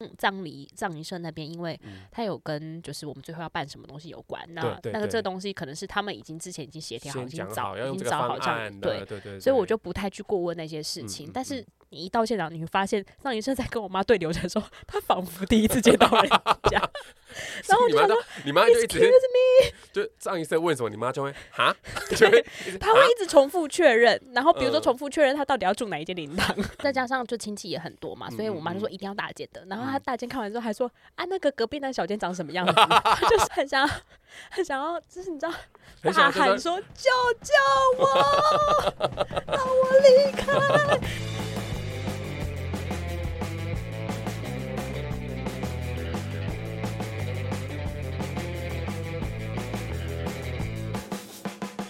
嗯、葬禮葬儀社那邊，因為他有跟就是我們最後要辦什麼東西有關，嗯、那對對對那個這個東西可能是他們已經之前已經協調好，好已經找已經找好這樣。嗯、對，對，對，所以我就不太去過問那些事情。嗯嗯嗯、但是你一到現場，你會發現葬儀社在跟我媽對流程的時候，他仿佛第一次見到一家。 然後就你媽你媽就一直 Excuse me? 就上一次問什麼，你媽就會哈，就會，她對 會一直重複確認，啊、然後比如說重複確認她到底要住哪一間靈堂，嗯、再加上就親戚也很多嘛，所以我媽就說一定要大間的，嗯、然後她大間看完之後還說啊那個隔壁那小間長什麼樣子，嗯、 就是很想要，很想要，就是你知道大喊說救救我，讓我離開。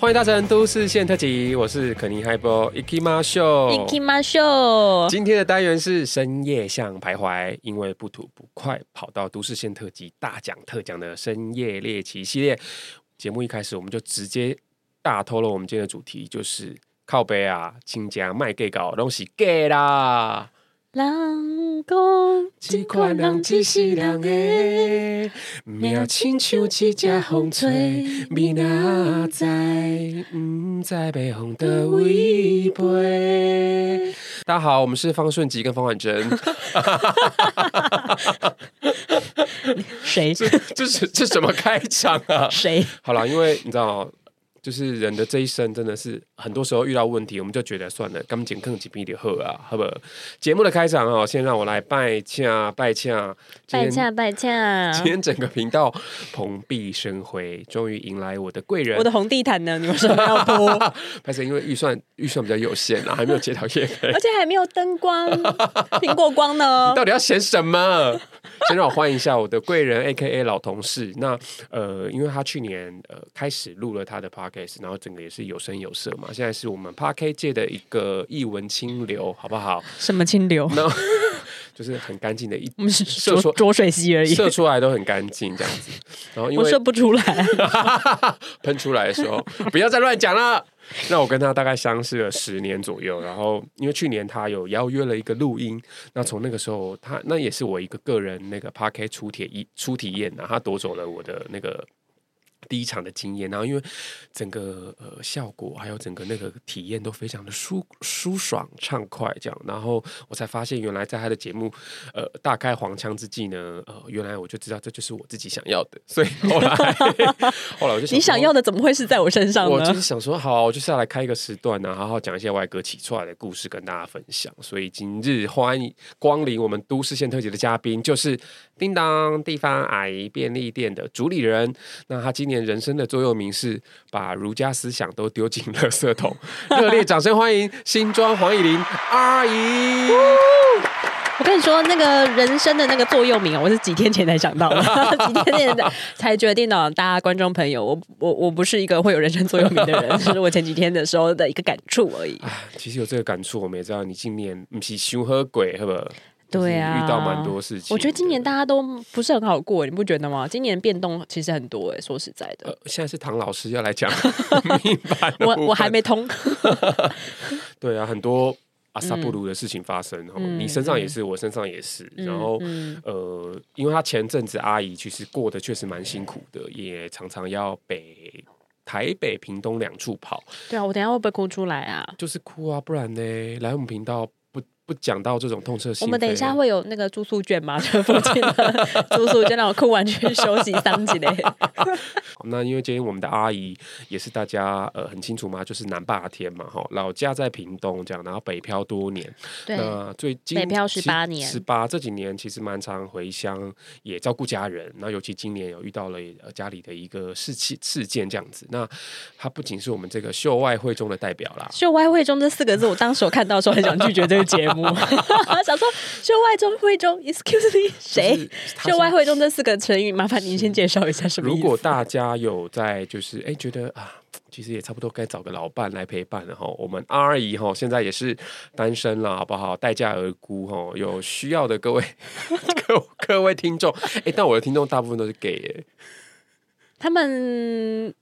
歡迎搭乘都急線特輯，我是肯尼嗨波，行きましょう，行きましょう。今天的單元是深夜巷徘徊，因為不吐不快，跑到都急線特輯大講特講的深夜獵奇系列。節目一開始，我們就直接大透露。我們今天的主題就是靠北啊，親戚麥計較，東西計啦。人講，這款人一世人誒命，親像一隻風吹，天啊！嗯、在在北風的位置。大家好，我們是方順吉跟方婉珍。誰？這、 這、這怎麼開場啊？誰 誰？好了，因為你知道、喔，就是人的這一生，真的是。很多時候遇到問題，我們就覺得算了，感情放一邊就好啊，好不？節目的開場啊、哦，先讓我來拜欠拜欠拜欠拜欠。今天整個頻道蓬蓽生輝，終於迎來我的貴人。我的紅地毯呢？你們為什麼要播？拍攝 因為預算預算比較有限啊，還沒有接到業配。 而且還沒有燈光，蘋果光呢？ 到底要嫌什麼？ 先讓我歡迎一下我的貴人，A K A 老同事。那呃，因為他去年呃開始錄了他的 Podcast，然後整個也是有聲有色嘛。那、啊、現在是我們 Park K 界的一個一文清流，好不好？什麼清流？No, 就是很乾淨的一，我們 是濁濁水溪而已，射出來都很乾淨這樣子。然後因為我射不出來，噴 出來的時候 不要再亂講了。 那我跟他大概相識了十年左右，然後因為去年他有邀約了一個錄音，那從那個時候他那也是我一個個人那個 Park 出鐵，一驗，體驗後他奪走了我的那個。第一場的經驗，然後因為整個呃效果還有整個那個體驗都非常的舒舒爽暢快這樣，然後我才發現原來在他的節目呃大開黃腔之際呢，呃原來我就知道這就是我自己想要的，所以後來 後來我就想，你想要的怎麼會是在我身上呢？我就是想說，好啊，我就是要來開一個時段，然後啊，好好講一些外歌起出來的故事跟大家分享。所以今日歡迎光臨我們都市線特輯的嘉賓就是。叮當地方阿姨便利店的主理人，那他今年人生的座右銘是把儒家思想都丟進了垃圾桶。 熱烈掌聲歡迎新莊黃以林阿姨。我跟你說那個人生的那個座右銘哦，我是幾天前才想到的， 幾天前才決定的。大家觀眾朋友，我我我不是一個會有人生座右銘的人，只 是我前幾天的時候的一個感觸而已。其實有這個感觸，我也知道，你今年不是想和鬼，是不對啊，遇到蠻多事情。我覺得今年大家都不是很好過，你不覺得嗎？今年變動其實很多哎，說實在的。現在是唐老師要來講，明白了？我我還沒通。對啊，很多阿薩布魯的事情發生，你身上也是，我身上也是。然後呃，因為他前陣子阿姨其實過得確實蠻辛苦的，也常常要北台北、屏東兩處跑。對啊，我等下會不會哭出來啊？就是哭啊，不然呢？來我們頻道。不講到這種痛徹心扉，我們等一下會有那個住宿券嗎？這 附近的住宿就讓我哭完全休息三幾年。那因為今天我們的阿姨也是大家呃很清楚嘛，就是南霸天嘛哈，老家在屏東這樣，然後北漂多年。對。那最近北漂十八年，十八這幾年其實蠻常回鄉也照顧家人。那尤其今年有遇到了家裡的一個事情事件這樣子。那他不僅是我們這個秀外慧中的代表啦。秀外慧中這四個字，我當時我看到的時候很想拒絕這個節目。 想說秀外中慧中，excuse me，誰秀外慧中這四個成語？麻煩您先介紹一下什麼意思？是如果大家有在就是哎、欸，覺得啊，其實也差不多該找個老伴來陪伴然後哈。我們 R 姨哈，現在也是單身了，好不好？待價而沽。哈，有需要的各位 各位聽眾，哎、欸，但我的聽眾大部分都是 gay、欸、他們。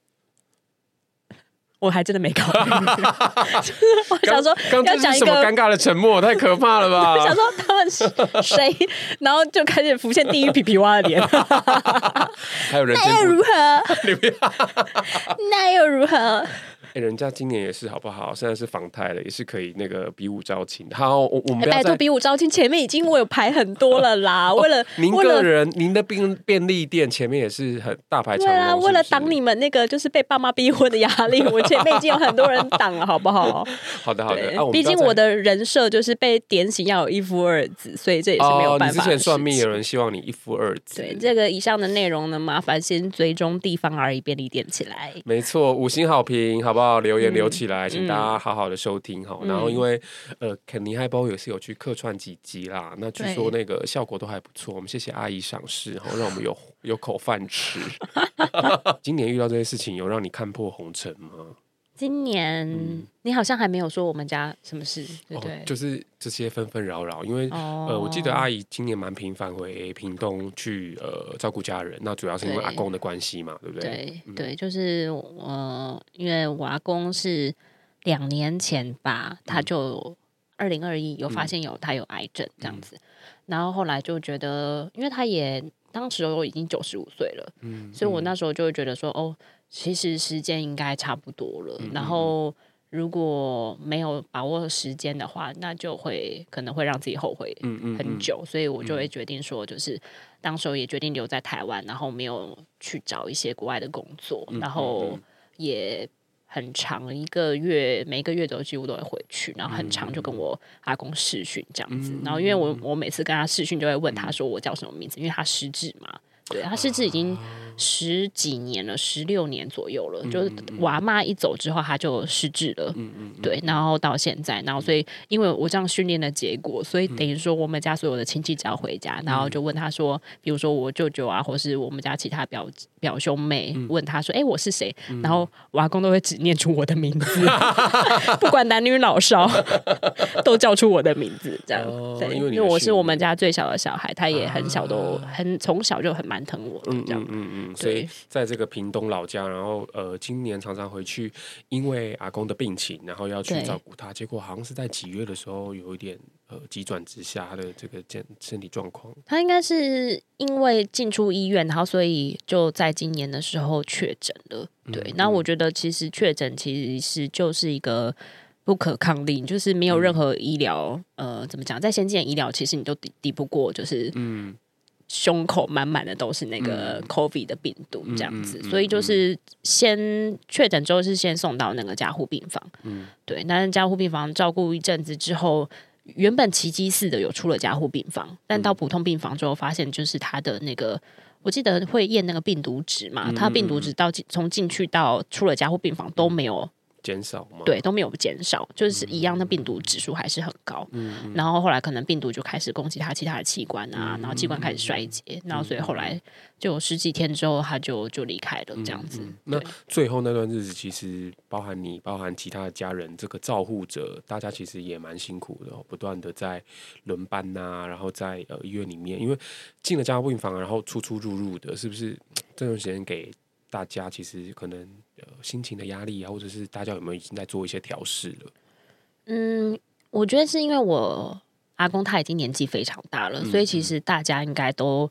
我還真的沒考慮，就是我想說，剛講一個尷尬的沉默，太可怕了吧？ 我想說他們是誰， 然後就開始浮現地獄皮皮蛙的臉 那又如何？ 那又如何？欸、人家今年也是好不好？現在是房台了，也是可以那個比武招親的。好，我我們、欸、拜託比武招親前面已經我有排很多了啦。 為了您個人，了您的便便利店前面也是很大排場。對啊，為了擋你們那個就是被爸媽逼婚的壓力，我前面已經有很多人擋了， 好不好？ 好的好的，對啊、畢竟我的人設就是被點醒要有一夫二子，所以這也是沒有辦法、哦。你之前算命有人希望你一夫二子。對，這個以上的內容呢，麻煩先追蹤地方 R 姨便利店起來。沒錯，五星好評，好不好？哦、留言留起來，請、嗯、大家好好的收聽好。嗯、然後因為、嗯、呃，肯尼海波也是有去客串幾集啦。那據說那個效果都還不錯。對我們謝謝阿姨賞識，然、哦、後讓我們有 有口飯吃。 今年遇到這些事情，有讓你看破紅塵嗎？今年、嗯、你好像還沒有說我們家什麼事，對，對、哦、就是這些紛紛擾擾，因為、哦、呃，我記得阿姨今年蠻頻繁回、A、屏東去呃照顧家人，那主要是因為阿公的關係嘛，對，對不對？對、嗯、對，就是呃，因為我阿公是兩年前吧，他就二零二一有發現有他有癌症這樣子，嗯、然後後來就覺得，因為他也當時都已經九十五歲了，嗯，所以我那時候就會覺得說，哦。其實時間應該差不多了，然後如果沒有把握時間的話，那就會可能會讓自己後悔很久，嗯嗯嗯、所以我就會決定說，就是當時候也決定留在台灣，然後沒有去找一些國外的工作，然後也很長一個月，每個月都幾乎都會回去，然後很長就跟我阿公視訊這樣子，然後因為我我每次跟他視訊就會問他說我叫什麼名字，因為他失智嘛。對，他失智已經十幾年了，十六年左右了。就是阿嬤一走之後，他就失智了。嗯嗯，對，然後到現在，然後所以因為我這樣訓練的結果，所以等於說我們家所有的親戚只要回家，然後就問他說，比如說我舅舅啊，或是我們家其他表表兄妹，問他說：“哎，我是誰？”然後阿公都會只念出我的名字，不管男女老少，都叫出我的名字。這樣，因為我是我們家最小的小孩，他也很小，都很從小就很滿。疼我嗯，嗯這樣。嗯嗯，所以在這個屏東老家，然後呃，今年常常回去，因為阿公的病情，然後要去照顧他，對結果好像是在幾月的時候，有一點呃急轉直下的這個健身體狀況。他應該是因為進出醫院，然後所以就在今年的時候確診了。對，嗯、那我覺得其實確診其實是就是一個不可抗力，就是沒有任何醫療、嗯、呃怎麼講，在先進醫療其實你都抵抵不過，就是嗯。胸口滿滿的都是那個 COVID 的病毒，這樣子，嗯、所以就是先確診之後是先送到那個加護病房，嗯、對，但是加護病房照顧一陣子之後，原本奇蹟似的有出了加護病房，但到普通病房之後發現，就是他的那個，我記得會驗那個病毒值嘛，他病毒值到從進去到出了加護病房都沒有。減少嗎？對，都沒有減少，就是一樣的病毒指數還是很高。嗯，嗯，然後後來可能病毒就開始攻擊他其他的器官啊，嗯嗯、然後器官開始衰竭，嗯、然後所以後來就十幾天之後他就就離開了這樣子。那最後那段日子，其實包含你，包含其他的家人，這個照護者，大家其實也蠻辛苦的，哦，不斷的在輪班吶，啊，然後在呃醫院裡面，因為進了加護病房，然後出出入入的，是不是這段時間給大家其實可能。呃、心情的壓力啊，或者是大家有沒有已經在做一些調試了？嗯，我覺得是因為我阿公他已經年紀非常大了，嗯、所以其實大家應該都。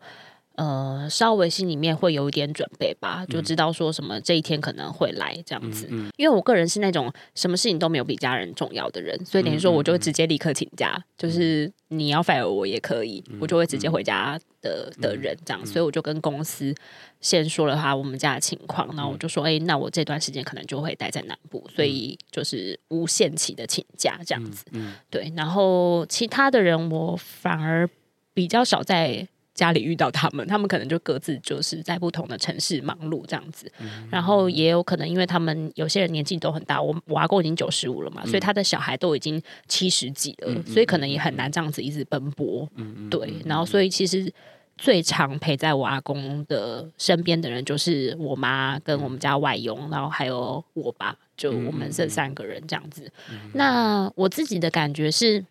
呃，稍微心裡面會有一點準備吧，就知道說什麼這一天可能會來這樣子。嗯嗯、因為我個人是那種什麼事情都沒有比家人重要的人，所以等於說我就直接立刻請假，嗯、就是你要 fire 我也可以，嗯、我就會直接回家的、嗯、的人這樣。所以我就跟公司先說了他我們家的情況，然後我就說，哎、欸，那我這段時間可能就會待在南部，所以就是無限期的請假這樣子。對。然後其他的人我反而比較少在，家裡遇到他們，他們可能就各自就是在不同的城市忙碌這樣子，嗯、然後也有可能因為他們有些人年紀都很大我，我阿公已經九十五了嘛，嗯、所以他的小孩都已經七十幾了，嗯嗯嗯、所以可能也很難這樣子一直奔波。嗯嗯嗯、對，然後所以其實最常陪在我阿公的身邊的人就是我媽跟我們家外傭，然後還有我爸，就我們這三個人這樣子。嗯嗯嗯、那我自己的感覺是。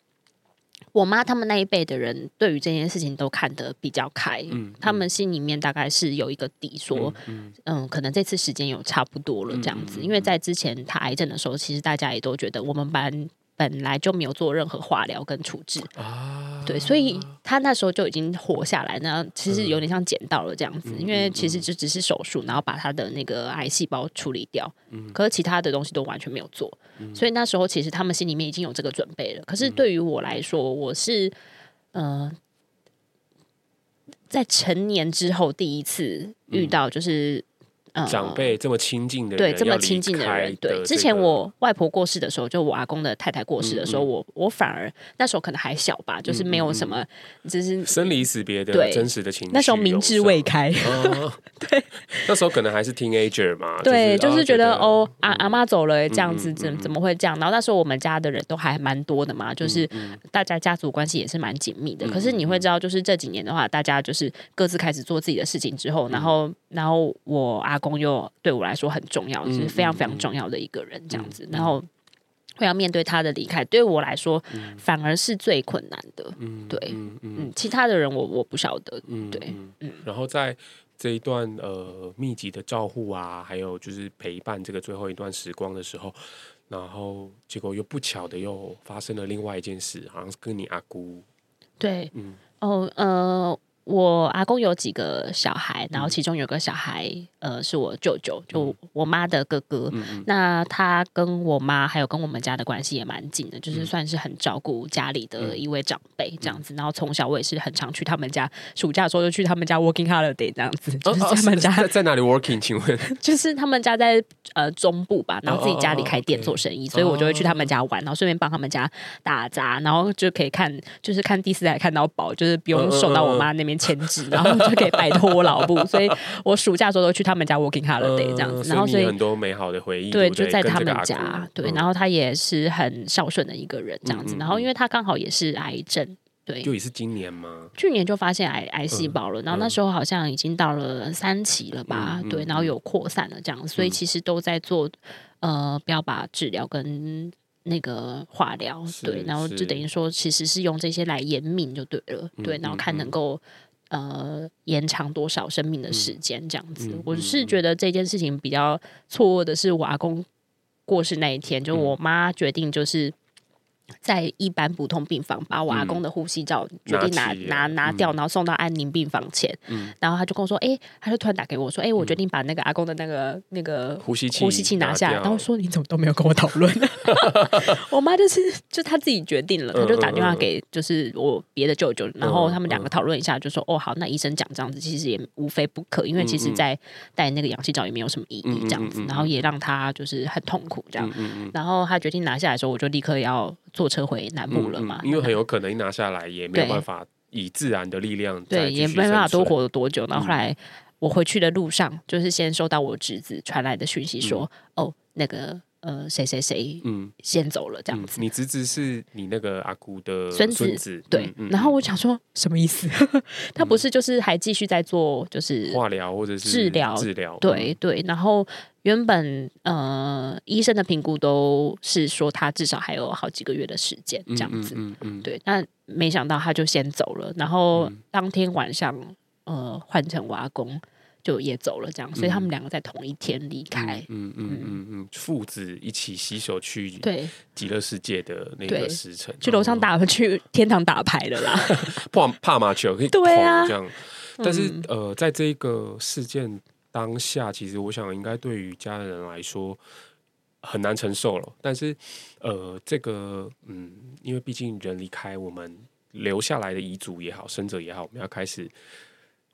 我媽他們那一輩的人，對於這件事情都看得比較開，他、嗯嗯、們心裡面大概是有一個底，說，嗯，嗯，嗯，可能這次時間有差不多了這樣子。嗯嗯嗯、因為在之前他癌症的時候，其實大家也都覺得我們班。本來就沒有做任何化療跟處置，啊、對，所以他那時候就已經活下來。那其實有點像撿到了這樣子，嗯、因為其實就只是手術，然後把他的那個癌細胞處理掉，嗯、可是其他的東西都完全沒有做。嗯、所以那時候其實他們心裡面已經有這個準備了。嗯、可是對於我來說，我是嗯、呃，在成年之後第一次遇到，就是。嗯長輩這麼親近的人，對，這麼親近的人，對。之前我外婆過世的時候，就我阿公的太太過世的時候，我我反而那時候可能還小吧，就是沒有什麼，就是生離死別的，對，真實的情。那時候明智未開，對，那時候可能還是 teenager 嘛。對，就是覺得哦，阿阿媽走了這樣子，怎怎麼會這樣？然後那時候我們家的人都還蠻多的嘛，就是大家家族關係也是蠻緊密的。可是你會知道，就是這幾年的話，大家就是各自開始做自己的事情之後，然後然後我阿。公又對我來說很重要，就是非常非常重要的一個人，嗯、這樣子，嗯、然後會要面對他的離開，對我來說、嗯、反而是最困難的。嗯，對嗯，嗯，其他的人我我不曉得。嗯，對，嗯。然後在這一段呃密集的照顧啊，還有就是陪伴這個最後一段時光的時候，然後結果又不巧的又發生了另外一件事，好像是跟你阿姑？對，嗯，哦，呃。我阿公有幾個小孩，然後其中有個小孩，呃，是我舅舅，就我媽的哥哥。嗯嗯、那他跟我媽還有跟我們家的關係也蠻近的，就是算是很照顧家裡的一位長輩、嗯、這樣子。然後從小我也是很常去他們家，暑假的時候就去他們家 working holiday 這樣子。哦、就是他們家、哦哦、在哪裡 working？請問 就是他們家在呃中部吧，然後自己家裡開店做生意，哦哦、所以我就會去他們家玩，然後順便幫他們家打雜，然後就可以看，就是看第四台看到飽，就是不用送到我媽那邊、哦。那前置， 然後就可以擺脫我老父。 所以我暑假的時候都去他們家 working holiday 這樣子。然後，所以很多美好的回憶。對，就在他們家。對，然後他也是很孝順的一個人，這樣子。然後，因為他剛好也是癌症，對，就也是今年嗎？去年就發現癌癌細胞了，然後那時候好像已經到了三期了吧？對，然後有擴散了這樣子，所以其實都在做呃，標靶治療跟那個化療。對，然後就等於說，其實是用這些來延命就對了。對，然後看能夠。呃，延長多少生命的時間這樣子，嗯、我是覺得這件事情比較錯愕的是，我阿公過世那一天，就我媽決定就是。在一般普通病房，把我阿公的呼吸罩決定拿拿拿掉，然後送到安寧病房前。然後他就跟我說：“哎，他就突然打給我，說：哎，我決定把那個阿公的那個那個呼吸器呼吸器拿下來。”然後說：“你怎麼都沒有跟我討論？”我媽就是就他自己決定了，他就打電話給就是我別的舅舅，然後他們兩個討論一下，就說：“哦，好，那醫生講這樣子，其實也無非不可，因為其實在戴那個氧氣罩也沒有什麼意義，這樣子，然後也讓他就是很痛苦這樣。然後他決定拿下來的時候，我就立刻要。”坐車回南部了嘛、嗯嗯？因為很有可能拿下來也沒有辦法以自然的力量。對，也沒辦法多活多久。然後後來我回去的路上，嗯、就是先收到我侄子傳來的訊息說：“嗯、哦，那個。”呃，誰誰誰，嗯，先走了這樣子。嗯嗯、你侄子是你那個阿姑的孫子，孫子嗯、對。嗯、然後我想說，嗯、什麼意思？ 他不是就是還繼續在做，就是化療或者是治療治療？對、嗯、對。然後原本呃，醫生的評估都是說他至少還有好幾個月的時間這樣子，嗯嗯，嗯，嗯對。但沒想到他就先走了。然後當天晚上，呃，換成阿公。就也走了，這樣，所以他們兩個在同一天離開。嗯嗯嗯嗯，父子一起攜手去極樂世界的那個時辰，嗯、去樓上打、嗯、去天堂打牌的啦。 怕怕麻雀可以對啊，這樣。但是、嗯、呃，在這個事件當下，其實我想應該對於家人來說很難承受了。但是呃，這個嗯，因為畢竟人離開，我們留下來的遺囑也好，生者也好，我們要開始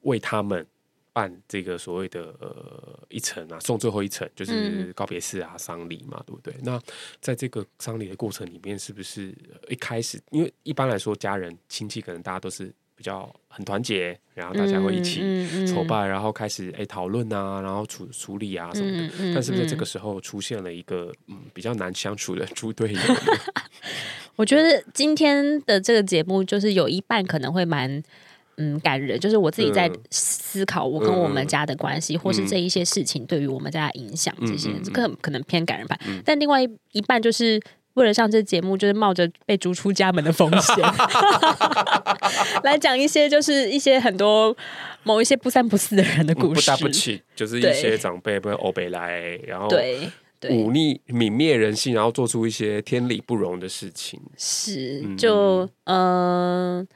為他們。辦這個所謂的、呃、一程啊，送最後一程就是告別式啊，喪、嗯、禮嘛，對不對？那在這個喪禮的過程裡面，是不是一開始，因為一般來說家人親戚可能大家都是比較很團結，然後大家會一起籌辦，嗯嗯嗯、然後開始哎討論啊，然後處處理啊什麼的。嗯嗯、但是，在這個時候出現了一個嗯比較難相處的豬隊友。 我覺得今天的這個節目就是有一半可能會蠻。嗯，感人就是我自己在思考我跟我們家的關係，嗯嗯、或是這一些事情對於我們家的影響，這些可、嗯嗯、可能偏感人吧。嗯、但另外一,一半就是為了上這節目，就是冒着被逐出家門的風險， 來講一些就是一些很多某一些不三不四的人的故事，對、嗯、不答不七，就是一些長輩被歐北來，對然後對對忤逆泯滅人性，然後做出一些天理不容的事情，是就嗯，嗯。嗯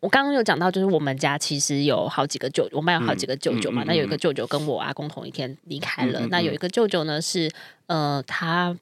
我剛剛有講到，就是我們家其實有好幾個舅，我們有好幾個舅舅嘛。嗯嗯嗯、那有一個舅舅跟我阿公同一天離開了，嗯嗯嗯嗯、那有一個舅舅呢是，呃，他。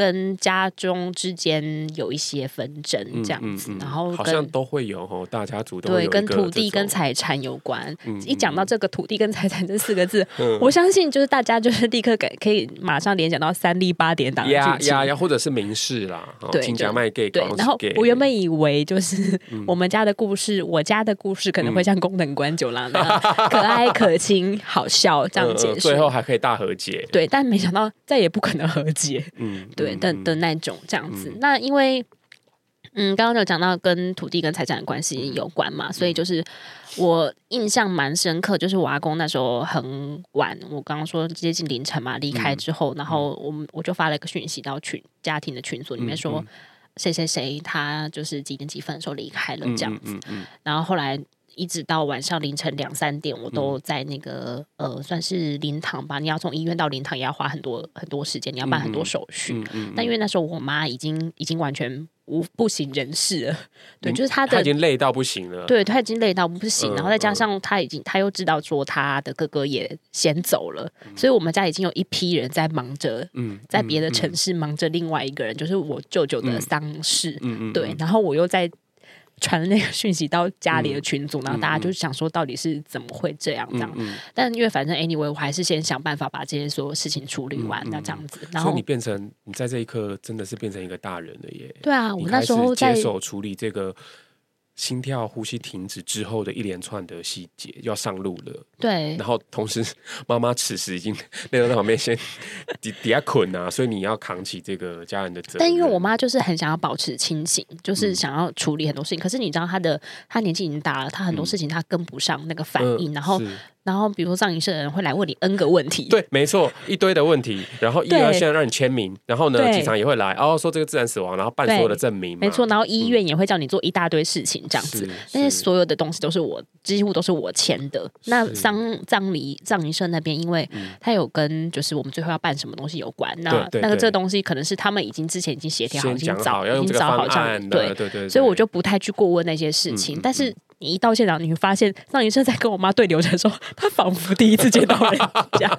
跟家中之間有一些紛爭這樣子，然後好像都會有大家族的，對，跟土地跟財產有關。一講到這個土地跟財產這四個字，我相信就是大家就是立刻給可以馬上聯想到三立八點檔劇情，然後或者是民視啦，對，親戚麥計較，對。然後我原本以為就是我們家的故事，我家的故事可能會像《宮藤官九郎》的可愛可親好笑這樣結束，最後還可以大和解。對，但沒想到再也不可能和解。嗯，對。的的那種這樣子，嗯、那因為，嗯，剛剛就講到跟土地跟財產的關係有關嘛，嗯、所以就是我印象蠻深刻，就是我阿公那時候很晚，我剛剛說接近凌晨嘛，離開之後，嗯、然後我們我就發了一個訊息到群家庭的群組裡面說，誰誰誰他就是幾點幾分的時候離開了這樣子，嗯嗯嗯嗯、然後後來。一直到晚上凌晨兩三點，我都在那個呃，算是靈堂吧。你要從醫院到靈堂，也要花很多很多時間，你要辦很多手續。但因為那時候我媽已經已經完全無不省人事了，對，就是她已經累到不行了。對，她已經累到不行，然後再加上她已經，她又知道說她的哥哥也先走了，所以我們家已經有一批人在忙着，在別的城市忙着另外一個人，就是我舅舅的喪事。對，然後我又在。傳了那個訊息到家裡的群組，然後大家就想說到底是怎麼會這樣這樣，嗯嗯嗯、但因為反正 anyway，我還是先想辦法把這些所有事情處理完那這樣子，然後、嗯嗯、你變成後你在這一刻真的是變成一個大人了耶。對啊，我那時候接手處理這個。心跳、呼吸停止之後的一連串的細節，要上路了。對，然後同時，媽媽此時已經累到在旁邊先底底下捆啊，所以你要扛起這個家人的責任。但因為我媽就是很想要保持清醒，就是想要處理很多事情。嗯、可是你知道，她的她年紀已經大了，她很多事情她跟不上那個反應，嗯、然後。然後，比如說葬儀社的人會來問你 N 個問題，對，沒錯，一堆的問題。然後醫院現在讓你簽名。然後呢，警察也會來，哦，說這個自然死亡，然後辦所有的證明，沒錯。然後醫院也會叫你做一大堆事情，這樣子。那些所有的東西都是我，幾乎都是我簽的。那喪葬儀社那邊，因為他有跟就是我們最後要辦什麼東西有關，那那個這東西可能是他們已經之前已經協調好，已經早已經找好這樣對對對，所以我就不太去過問那些事情，但是。你一到現場，你會發現葬儀社在跟我媽對流程的時候，她仿佛第一次見到人家。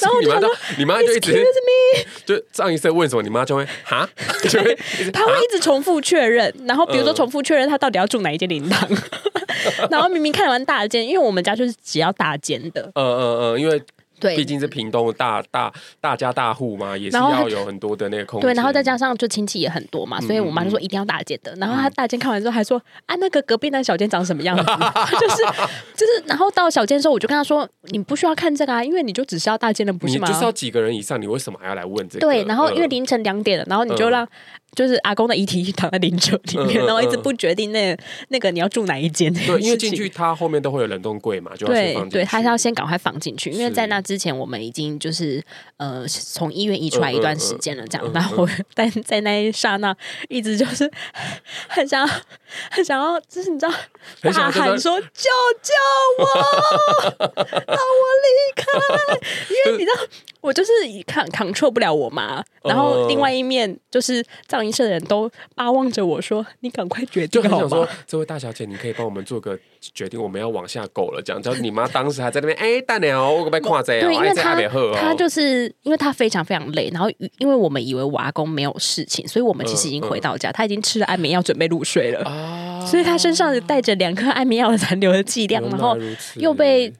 然後就說你媽，你媽就一直是 Excuse me? 就是葬儀社問什麼，你媽就會哈，就會， 對 她會一直重複確認， 然後比如說重複確認她到底要住哪一間靈堂， 然後明明看完大間，因為我們家就是只要大間的， 嗯嗯嗯，因為。對，畢竟是屏東的大大大家大戶嘛，也是要有很多的那個空間。對，然後再加上就親戚也很多嘛，所以我媽就說一定要大間的。嗯、然後她大間看完之後還說：“啊，那個隔壁那小間長什麼樣子？” 就是就是，然後到小間的時候，我就跟她說：“你不需要看這個啊，因為你就只需要大間的，不是嗎？你需要幾個人以上，你為什麼還要來問這個？”對，然後因為凌晨兩點了，然後你就讓。嗯就是阿公的遺體躺在靈柩裡面，嗯嗯、然後一直不決定那個嗯嗯、那個你要住哪一間。對，因為進去他後面都會有冷凍櫃嘛，就要去對對，他是要先趕快放進去。因為在那之前，我們已經就是呃從醫院移出來一段時間了，這樣。嗯嗯嗯、然後我但在那一剎那，一直就是很想要很想要，就是你知道大喊說：“救救我，讓我離開。” 因為你知道。就是我就是看扛錯不了我媽，嗯、然後另外一面就是葬儀社的人都巴望着我說：“你趕快決定好說這位大小姐，你可以幫我們做個決定，我們要往下苟了。講，叫你媽當時還在那邊哎，大娘、 哦，我被誇在對，因為她，她、啊、就是因為她非常非常累，然後因為我們以為阿公沒有事情，所以我們其實已經回到家，她、嗯嗯、已經吃了安眠藥準備入睡了，哦、所以她身上帶着兩顆安眠藥殘留的劑量，然後又被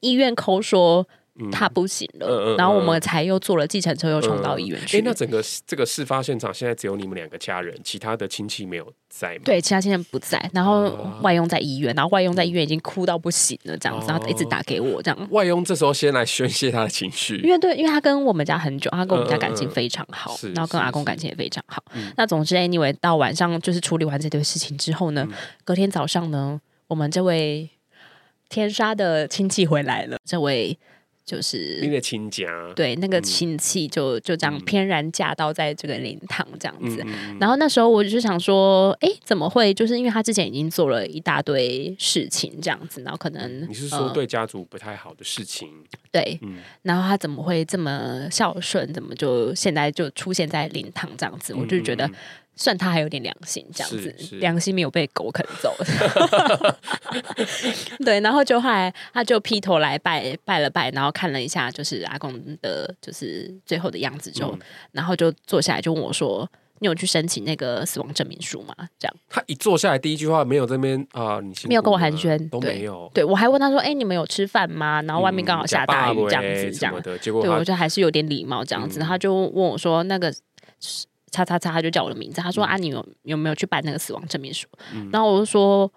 醫院摳說。嗯、他不行了，嗯嗯嗯、然後我們才又坐了計程車，又衝到醫院去，嗯欸。那整個這個事發現場現在只有你們兩個家人，其他的親戚沒有在嗎？對，其他親戚不在，然後外傭在醫院，然後外傭在醫院已經哭到不行了，這樣子然後一直打給我，這樣，哦。外傭這時候先來宣洩他的情緒，因為對，因為他跟我們家很久，他跟我們家感情非常好，嗯、是是是然後跟阿公感情也非常好。嗯、那總之，anyway，到晚上就是處理完這件事情之後呢，嗯、隔天早上呢，我們這位天殺的親戚回來了，這位。就是那個親家，對那個親戚就，就、嗯、就這樣翩然駕到，在這個靈堂這樣子。嗯嗯、然後那時候我就想說，哎，怎麼會？就是因為他之前已經做了一大堆事情這樣子，然後可能你是說對家族不太好的事情，嗯、對，嗯、然後他怎麼會這麼孝順？怎麼就現在就出現在靈堂這樣子？嗯、我就覺得。算他還有點良心，這樣子，良心沒有被狗啃走。 對，然後就後來他就劈頭來拜拜了拜，然後看了一下就是阿公的，就是最後的樣子就，就、嗯、然後就坐下來就問我說：“你有去申請那個死亡證明書嗎？”這樣。他一坐下來，第一句話沒有在那邊啊，你沒有跟我寒暄，都沒有。對，對我還問他說：“哎、欸，你們有吃飯嗎？”然後外面剛好下大雨，這樣子，這樣、嗯。結果對我覺得還是有點禮貌，這樣子。他就問我說：“那個、嗯叉叉叉，他就叫我的名字。他說：“啊，你有有沒有去辦那個死亡證明書？”嗯、然後我就說：“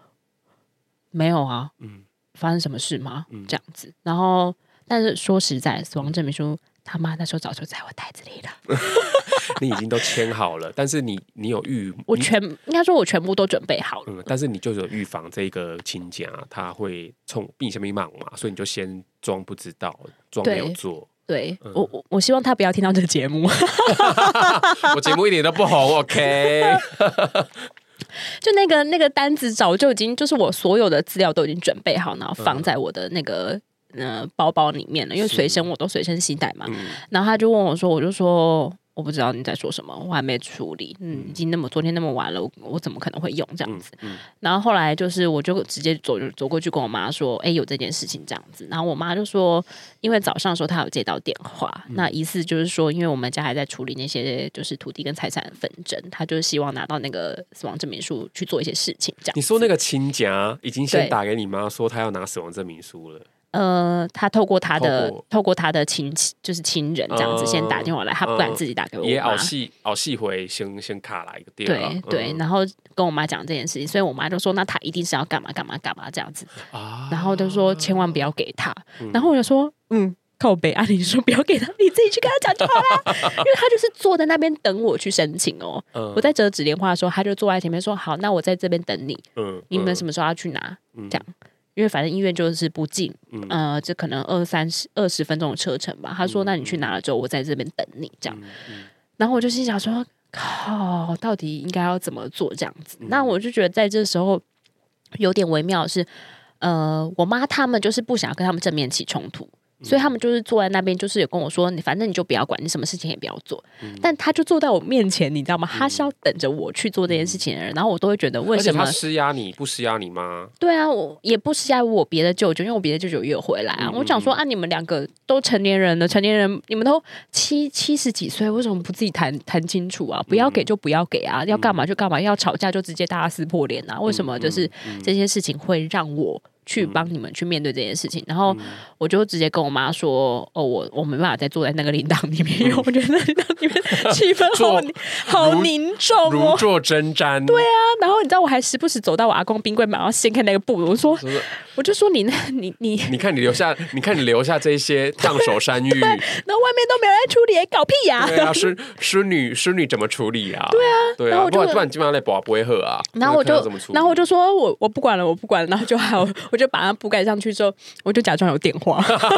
沒有啊。”嗯，發生什麼事嗎？嗯、這樣子。然後，但是說實在，死亡證明書他媽那時候早就在我袋子裡了。 你已經都簽好了， 但是你你有預我全你應該說，我全部都準備好了。嗯，但是你就有預防這個親戚啊，他會衝病下面罵嘛，所以你就先裝不知道，裝沒有做。對、嗯、我，我希望他不要聽到這個節目。 我節目一點都不好。o、okay? k 就那個那個單子早就已經，就是我所有的資料都已經準備好，然後放在我的那個、嗯、呃、包包裡面了，因為隨身我都隨身攜帶嘛。嗯、然後他就問我說，我就說。我不知道你在說什麼，我還沒處理。嗯，已經那麼昨天那麼晚了，我，我怎麼可能會用這樣子？嗯嗯、然後後來就是，我就直接走走過去跟我媽說，哎、欸，有這件事情這樣子。然後我媽就說，因為早上的時候她有接到電話，嗯、那意思就是說，因為我們家還在處理那些就是土地跟財產紛爭，她就希望拿到那個死亡證明書去做一些事情。這樣，你說那個親家已經先打給你媽說，她要拿死亡證明書了。呃，他透過他的透過他的親戚，就是親人這樣子，先打電話來，他不敢自己打給我，也熬戲熬戲回，先先卡了一個電話，對對，然後跟我媽講這件事情，所以我媽就說，那他一定是要幹嘛幹嘛幹嘛這樣子，然後就說千萬不要給他，然後我就說，嗯，靠北，按理說不要給他，你自己去跟他講就好了，因為他就是坐在那邊等我去申請哦，我在折紙蓮花的時候，他就坐在前面說，好，那我在這邊等你，嗯，你們什麼時候要去拿，這樣。因為反正醫院，院就是不近，呃，這可能二三十、二十分鐘的車程吧。他說：“那你去拿了之後，我在這邊等你。”這樣，然後我就心想說：“靠，到底應該要怎麼做？”這樣子，那我就覺得在這時候有點微妙是，是呃，我媽他們就是不想跟他們正面起衝突。所以他們就是坐在那邊，就是也跟我說：“你反正你就不要管，你什麼事情也不要做。”但他就坐在我面前，你知道嗎？他是要等着我去做這件事情的人。然後我都會覺得，為什麼他施壓你不施壓你媽？對啊，我也不施壓我別的舅舅，因為我別的舅舅也有回來啊。嗯，我想說，啊，你們兩個都成年人了，成年人，你們都七七十幾歲，為什麼不自己談談清楚啊？不要給就不要給啊，要幹嘛就幹嘛，要吵架就直接大家撕破臉啊。為什麼就是這些事情會讓我.去幫你們去面對這件事情，然後我就直接跟我媽說：“哦，我我沒辦法再坐在那個靈堂裡面，因為我覺得那裡面氣氛好好凝重，如坐針氈。”對啊，然後你知道我還時不時走到我阿公冰櫃嘛，然後掀開那個布，我說：“我就說你你你你看你留下，你看你留下這些燙手山芋，那外面都沒有人處理，搞屁呀！那啊，孫女孫女怎麼處理啊？對啊，對啊，不然不然基本上來爸不會喝啊。然後我就然後我就說我我不管了，我不管，然後就好。”我就把它覆蓋上去之後，我就假裝有電話，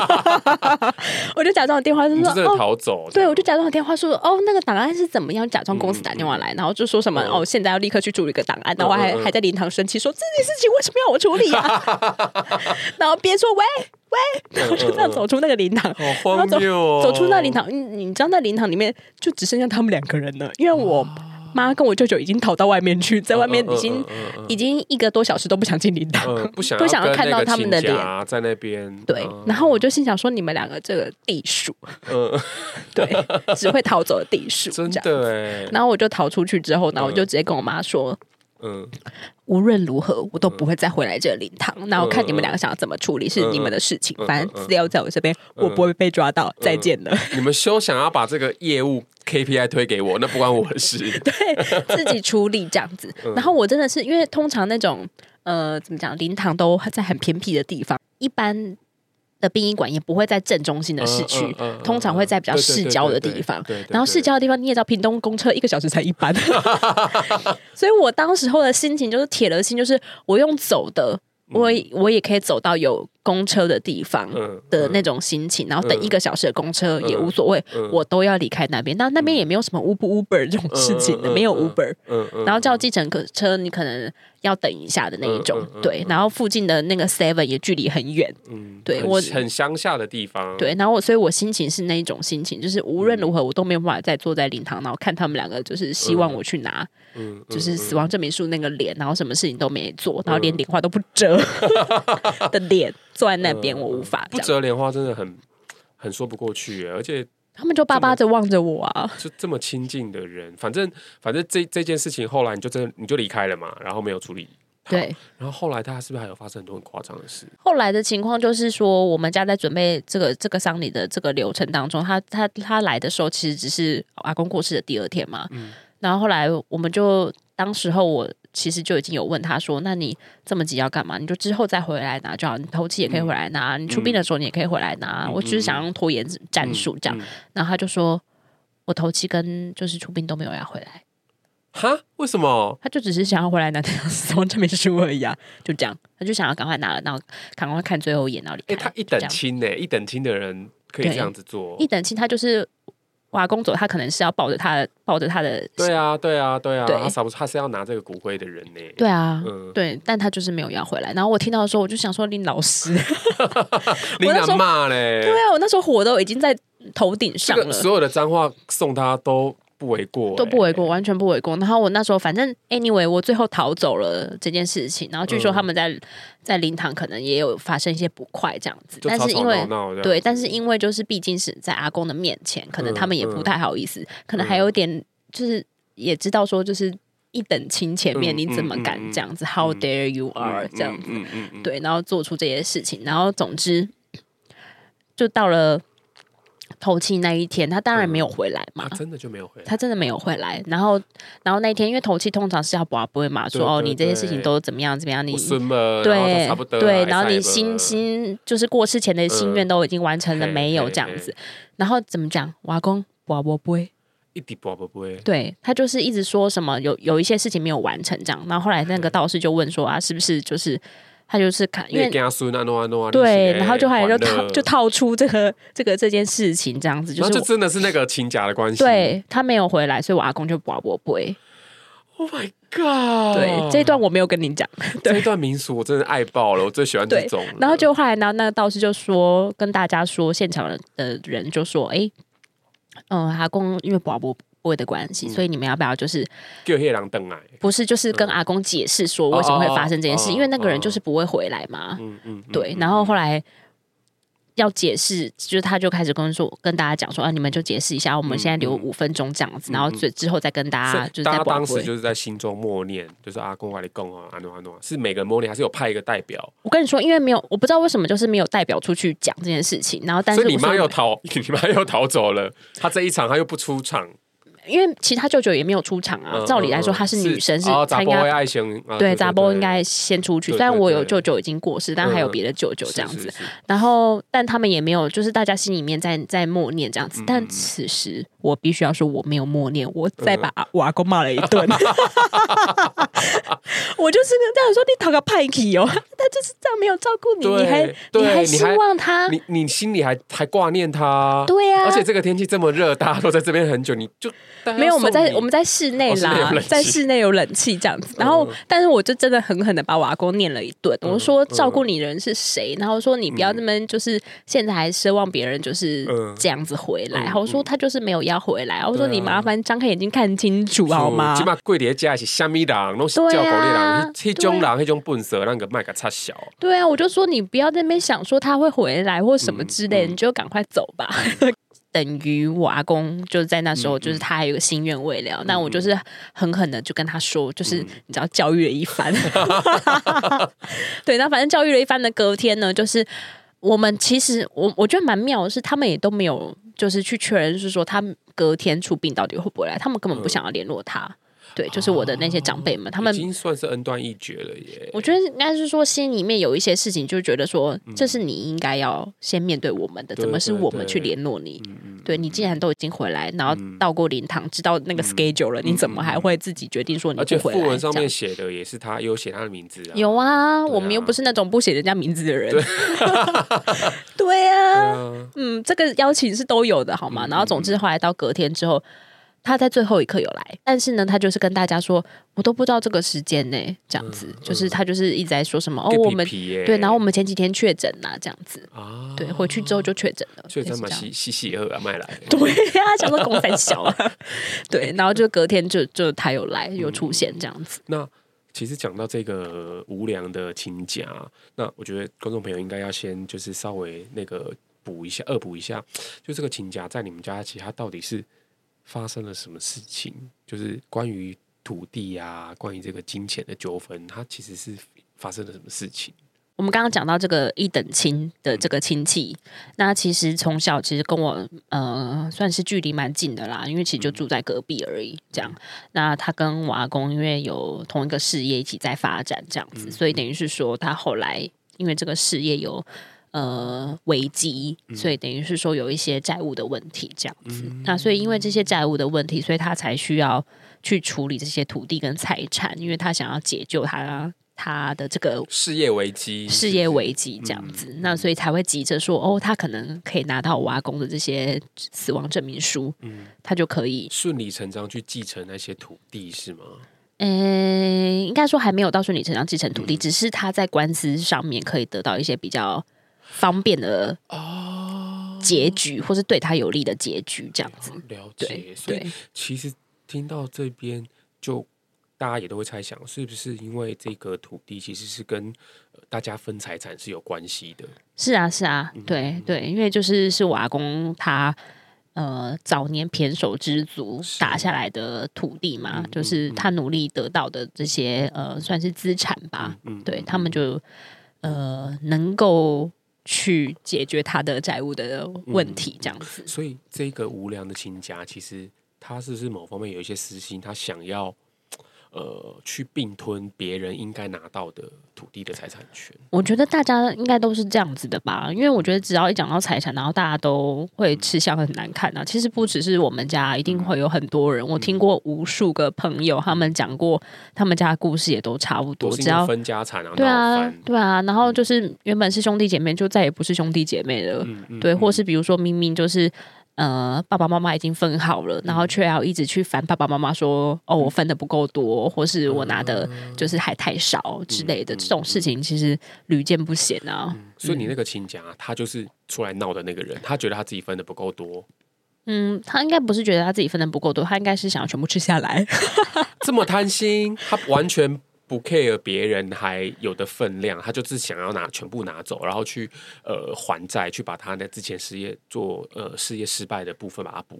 我就假裝有電話說說，就說走、哦、這樣對，我就假裝有電話說哦，那個檔案是怎麼樣？假裝公司打電話來，嗯、然後就說什麼、嗯、哦，現在要立刻去處理一個檔案。然後我還、嗯、還在靈堂生氣說，這件事情為什麼要我處理啊？ 然後別說喂喂，然後我就這樣走出那個靈堂，嗯哦、然後走走出那靈堂、嗯，你知道那靈堂裡面就只剩下他們兩個人了，因為我。啊媽跟我舅舅已經逃到外面去，在外面已經、嗯嗯嗯嗯嗯、已經一個多小時都不想進靈堂、嗯，不想不想要看到他們的臉，在那邊。 對，嗯、然後我就心想說：“你們兩個這個地鼠，嗯、對， 只會逃走的地鼠，真的。”然後我就逃出去之後呢，然後我就直接跟我媽說。嗯嗯，無論如何，我都不會再回來這靈堂。嗯、然後看你們兩個想要怎麼處理，是你們的事情，嗯、反正資料在我這邊，嗯、我不會被抓到。嗯、再見了，你們休想要把這個業務 KPI 推給我，那不關我的事，對， 自己處理這樣子。然後我真的是因為通常那種呃，怎麼講，靈堂都在很偏僻的地方，一般。的殯儀館也不會在正中心的市區，嗯嗯嗯嗯、通常會在比較市郊的地方。對對對對對，然後市郊的地方你也知道，屏東公車一個小時才一班， 所以我當時候的心情就是鐵了心，就是我用走的，我我也可以走到有。公車的地方的那種心情，然後等一個小時的公車也無所謂，嗯嗯、我都要離開那邊。嗯、但那邊也沒有什麼 Uber Uber 這種事情的，嗯嗯嗯、沒有 Uber、嗯。嗯然後叫計程車，你可能要等一下的那一種。嗯嗯、對，然後附近的那個 Seven 也距離很遠。嗯。對，我很鄉下的地方。對，然後我，所以我心情是那一種心情，就是無論如何我都沒有辦法再坐在靈堂，然後看他們兩個，就是希望我去拿，就是死亡證明書那個臉，然後什麼事情都沒做，然後連蓮花都不折 的臉。坐在那邊，我無法、呃、不折蓮花，真的很很說不過去，欸，而且他們就巴巴的望着我啊，就這麼親近的人，反正反正這這件事情後來你就真的你就離開了嘛，然後沒有處理，對，然後後來他是不是還有發生很多很誇張的事？後來的情況就是說，我們家在準備這個這個喪禮的這個流程當中，他他他來的時候其實只是阿公過世的第二天嘛，嗯，然後後來我們就當時候我。其實就已經有問他說：“那你這麼急要幹嘛？你就之後再回來拿就好。你頭七也可以回來拿，嗯、你出殯的時候你也可以回來拿。嗯、我只是想要拖延戰術這樣。嗯”嗯嗯、然後他就說：“我頭七跟就是出殯都沒有要回來。”哈？為什麼？他就只是想要回來拿這張死亡證明書而已啊！就這樣，他就想要趕快拿了，然後趕快看最後一眼，那裡。離開、欸、他一等親呢？一等親的人可以這樣子做？一等親他就是。我阿公走，他可能是要抱着他，抱着他的。他的對啊，對啊，對啊。對。掃不，他是要拿這個骨灰的人呢。對啊。嗯、對，但他就是沒有要回來。然後我聽到的時候，我就想說：“林老師， 你敢罵嘞？”對啊，我那時候火都已經在頭頂上了，所有的髒話送他都。不為過、欸，都不為過，欸、完全不為過。然後我那時候反正，anyway，我最後逃走了這件事情。然後據說他們在、嗯、在靈堂可能也有發生一些不快這樣子，但是因為對，但是因為就是畢竟是在阿公的面前，可能他們也不太好意思，嗯、可能還有一點就是也知道說就是一等親前面你怎麼敢這樣子？How dare you are 這樣子？對，然後做出這些事情，然後總之就到了。頭七那一天，他當然沒有回來嘛，嗯、他真的就沒有回來，他真的沒有回來。嗯、然後，然後那一天，因為頭七通常是要博杯嘛，對對對，說哦，你這些事情都怎麼樣怎麼樣，你對，差不多，對，然後你心心就是過世前的心願都已經完成了、嗯、沒有這樣子？嘿嘿嘿然後怎麼講？阿公博杯，一直博杯，對他就是一直說什麼有有一些事情沒有完成這樣。那後，後來那個道士就問說啊，嗯、是不是就是？他就是看，因為跟他孫子啊、no 啊、如何如何對，欸、然後就後來就了套就套出這個這個這件事情，這樣子，就是、然後就真的是那個親家的關係。對，他沒有回來，所以我阿公就保我背。Oh my god！對，這一段我沒有跟你講，這一段民俗我真的愛爆了，我最喜歡這種。然後就後來呢，那個道士就說，跟大家說，現場的人就說，哎、欸，嗯、呃，阿公因為保伯、啊啊。我的關係，所以你們要不要就是不是，就是跟阿公解釋說，為什麼會發生這件事，因為那個人就是不會回來嘛。嗯嗯，對。然後後來要解釋，就他就開始跟跟大家講說啊，你們就解釋一下，我們現在留五分鐘這樣子。然後最之後再跟大家，就是大家當時就是在心中默念，就是阿公話你講啊，安怎安怎，是每個人默念還是有派一個代表？我跟你說，因為沒有，我不知道為什麼就是沒有代表出去講這件事情。然後，但是，你媽又逃，你媽又逃走了。他這一場他又不出場。因為其他舅舅也沒有出場啊，嗯嗯嗯，照理來說他是女生是，應該對查埔應該先出去。對對對，雖然我有舅舅已經過世，對對對，但還有別的舅舅這樣子。嗯、是是是，然後，但他們也沒有，就是大家心裡面在在默念這樣子。嗯、但此時我必須要說，我沒有默念，我再把我阿公罵了一頓，嗯。 我就是這樣說，你討個派氣哦他就是這樣沒有照顧你，你還你還希望他？你你心裡還還掛念他？對呀。而且這個天氣這麼熱，大家都在這邊很久，你就沒有我們在我們在室內啦，在室內有冷氣這樣子。然後，但是我就真的狠狠的把我阿公念了一頓。我說照顧你的人是誰？然後說你不要那麼就是現在還奢望別人就是這樣子回來。我說他就是沒有要回來。我說你麻煩張開眼睛看清楚好嗎？起碼貴蝶家是蝦米檔。對呀，那種狼，那種笨蛇，那個麥克太小。對啊，我就說你不要在那邊想說他會回來或什麼之類，嗯嗯、你就趕快走吧。 等於我阿公就是在那時候，就是他還有個心願未了，嗯、那我就是狠狠的就跟他說，就是你知道教育了一番。 對，那反正教育了一番的隔天呢，就是我們其實我我覺得蠻妙的是，他們也都沒有就是去確認是說他隔天出殯到底會不會來，他們根本不想要聯絡他。嗯對，就是我的那些長輩們，他們已經算是恩斷義絕了耶。我覺得應該是說，心裡面有一些事情，就覺得說，這是你應該要先面對我們的，怎麼是我們去聯絡你？對，你既然都已經回來，然後到過靈堂，知道那個 schedule 了，你怎麼還會自己決定說你要回來？對，訃聞上面寫的也是他，有寫他的名字，有啊，我們又不是那種不寫人家名字的人。對啊，嗯，這個邀請是都有的，好嗎？然後，總之，後來到隔天之後。他在最後一刻有來，但是呢，他就是跟大家說，我都不知道這個時間呢、欸，這樣子，嗯、就是他就是一直在說什麼、嗯、哦，我們對，然後我們前幾天確診吶，這樣子啊，對，回去之後就確診了，確診嘛，喜喜喜樂啊，賣來，對他想說狗仔笑公小、啊， 對，然後就隔天就就他有來，嗯、有出現這樣子。那其實講到這個無良的親戚，那我覺得觀眾朋友應該要先就是稍微那個補一下，惡補一下，就這個親戚在你們家其他到底是。發生了什麼事情？就是關於土地啊，關於這個金錢的糾紛，它其實是發生了什麼事情？我們剛剛講到這個一等親的這個親戚，嗯、那其實從小其實跟我呃算是距離蠻近的啦，因為其實就住在隔壁而已，這樣，嗯、那他跟我阿公因為有同一個事業一起在發展，這樣子，嗯、所以等於是說他後來因為這個事業有呃，危機，所以等於是說有一些債務的問題這樣子。嗯、那所以因為這些債務的問題，所以他才需要去處理這些土地跟財產，因為他想要解救他他的這個事業危機，事業危機這樣子。嗯、那所以才會急着說，哦，他可能可以拿到阿公的這些死亡證明書，嗯、他就可以順理成章去繼承那些土地，是嗎？嗯，應該說還沒有到順理成章繼承土地，嗯、只是他在官司上面可以得到一些比較。方便的哦結局，哦、或是對他有利的結局，這樣子。哎、了解。對，其實聽到這邊，就大家也都會猜想，是不是因為這個土地其實是跟大家分財產是有關係的？是啊，是啊，對。嗯嗯對，因為就是是我阿公他呃早年胼手胝足打下來的土地嘛，是啊、就是他努力得到的這些呃算是資產吧。嗯嗯嗯嗯對他們就呃能夠去解決他的債務的問題，這樣子、嗯。所以，這個無良的親家，其實他是不是某方面有一些私心，他想要？呃，去併吞別人應該拿到的土地的財產權，我覺得大家應該都是這樣子的吧。因為我覺得只要一講到財產，然後大家都會吃相很難看的，啊。其實不只是我們家，一定會有很多人。我聽過無數個朋友他們講過他們家的故事，也都差不多。只要分家產啊，對啊，對啊，然後就是原本是兄弟姐妹，就再也不是兄弟姐妹了。對，嗯嗯嗯。或是比如說明明就是。呃，爸爸媽媽已經分好了，然後卻要一直去煩爸爸媽媽說：“嗯、哦，我分的不夠多，或是我拿的就是還太少之類的、嗯嗯嗯、這種事情，其實屢見不鮮啊。嗯”嗯、所以你那個親家，他就是出來鬧的那個人，他覺得他自己分的不夠多。嗯，他應該不是覺得他自己分的不夠多，他應該是想要全部吃下來， 這麼貪心，他完全。 不 care 別人還有的分量，他就只想要拿全部拿走，然後去呃還債，去把他的之前事業做呃事業失敗的部分把它補，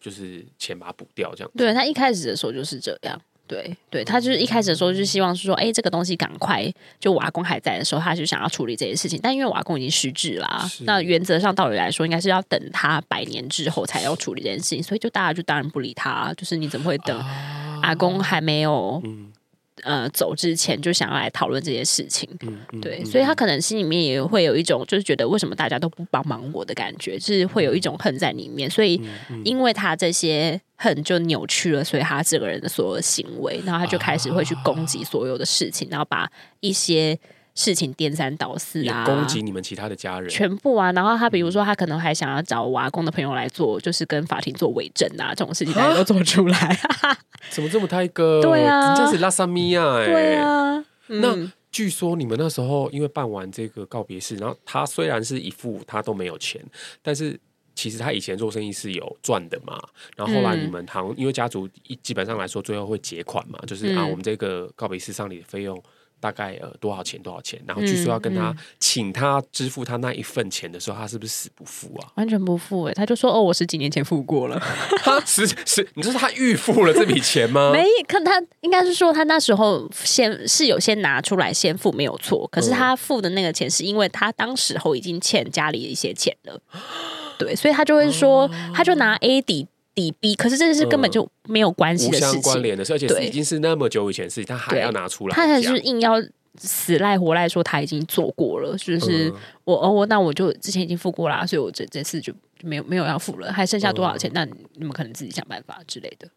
就是錢把它補掉這樣。對，他一開始的時候就是這樣，對對，他就是一開始的時候就是希望是說，哎、嗯欸，這個東西趕快就我阿公還在的時候，他就想要處理這些事情。但因為我阿公已經失智啦、啊，是那原則上道理來說，應該是要等他百年之後才要處理這件事情，是所以就大家就當然不理他、啊，就是你怎麼會等、啊、阿公還沒有？嗯呃，走之前就想要來討論這些事情，嗯嗯、對，所以他可能心裡面也會有一種，就是覺得為什麼大家都不幫忙我的感覺，就是會有一種恨在裡面。所以，因為他這些恨就扭曲了，所以他這個人的所有行為，然後他就開始會去攻擊所有的事情，然後把一些。事情顛三倒四啊！也攻擊你們其他的家人，全部啊！然後他比如說，他可能還想要找瓦工的朋友來做，嗯、就是跟法庭做偽證啊，這種事情都做出來，蛤 怎麼這麼泰哥？對啊，真正是拉薩米哎、啊欸、對啊。嗯、那、嗯、據說你們那時候因為辦完這個告別式，然後他雖然是一副他都沒有錢，但是其實他以前做生意是有賺的嘛。然後後來你們行，嗯、因為家族一基本上來說最後會結款嘛，就是啊，我們這個告別式上禮的費用。嗯大概呃多少錢多少錢？然後據說要跟他請他支付他那一份錢的時候，嗯嗯、他是不是死不付啊？完全不付哎、欸！他就說：“哦，我十幾年前付過了。” 他十十，你說他預付了這筆錢嗎？ 沒，看他應該是說他那時候先是有先拿出來先付沒有錯，可是他付的那個錢是因為他當時候已經欠家裡一些錢了，嗯、對，所以他就會說，哦、他就拿 A D。抵逼，DB, 可是這件事根本就沒有關係的事情，嗯、相關聯的事，而且已經是那麼久以前的事情，他對還要拿出來，他還是硬要死賴活賴說他已經做過了，就是我、嗯、哦，那我就之前已經付過啦，所以我這這次就沒有沒有要付了，還剩下多少錢，嗯、那你，你們可能自己想辦法之類的。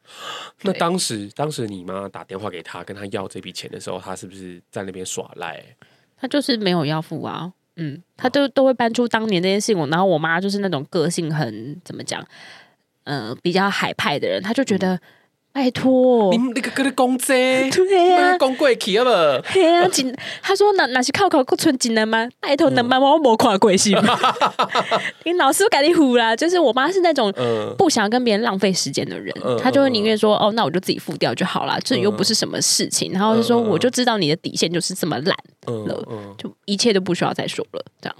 那當時當時你媽打電話給他，跟他要這筆錢的時候，他是不是在那邊耍賴？他就是沒有要付啊，嗯，他都都會搬出當年那件事情，然後我媽就是那種個性很怎麼講？嗯，比較海派的人，他就覺得拜托，你那個跟你公仔，對呀，公貴企了不？他說那那些靠靠過存錦的嗎？拜托能辦嗎？我沒跨貴姓嗎？你老師給你唬了，就是我媽是那種不想跟別人浪費時間的人，她就會寧願說哦，那我就自己付掉就好了，這又不是什麼事情。然後就說我就知道你的底線就是這麼爛了，就一切都不需要再說了，這樣。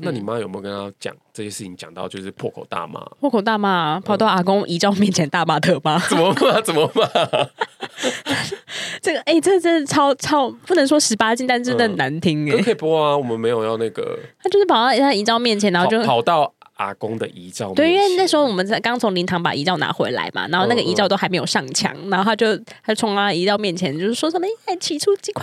嗯、那你媽有沒有跟她講這些事情？講到就是破口大罵，破口大罵、啊，跑到阿公遺照面前大罵特罵？怎麼罵？怎麼罵 、這個欸？這個，哎，這真的超超不能說十八禁，但是真的難聽都、嗯、可以播啊，我們沒有要那個。他就是跑到他遺照面前，然後就跑，跑到阿公的遺照。對，因為那時候我們在剛從靈堂把遺照拿回來嘛，然後那個遺照都還沒有上牆，嗯嗯，然後他就他從他遺照面前就是說什麼？哎、欸，起初幾塊。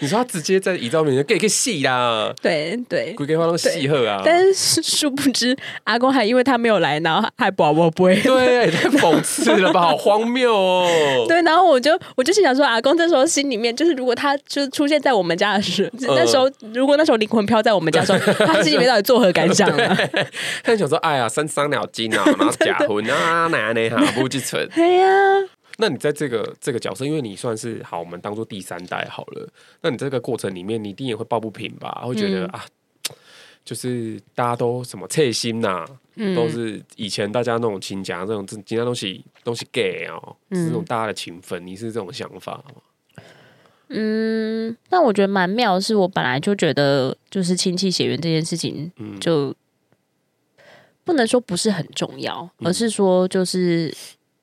你說他直接在遺照面前給一個戲啦，對對，故意化妝戲賀啊。但是殊不知阿公還因為他沒有來，然後還不不會。對，太諷刺了吧， 好荒謬哦、喔。對，然後我就我就是想說，阿公這時候心裡面，就是如果他就是出現在我們家的時候，呃、那時候如果那時候靈魂飄在我們家，的時候對他心裡面到底作何感想？呢？他就想說，哎呀，三三鳥精啊，然後假婚啊，男的哈不去存。對呀。那你在這個這個角色，因為你算是好，我們當做第三代好了。那你在這個過程裡面，你一定也會抱不平吧？會覺得、嗯、啊，就是大家都什麼切心吶，嗯、都是以前大家那種親家，這種其他東西東西 gay 哦，是，是，喔嗯、是這種大家的情分。你是這種想法嗎？嗯，但我覺得蠻妙的，是我本來就覺得，就是親戚血緣這件事情，就不能說不是很重要，而是說就是。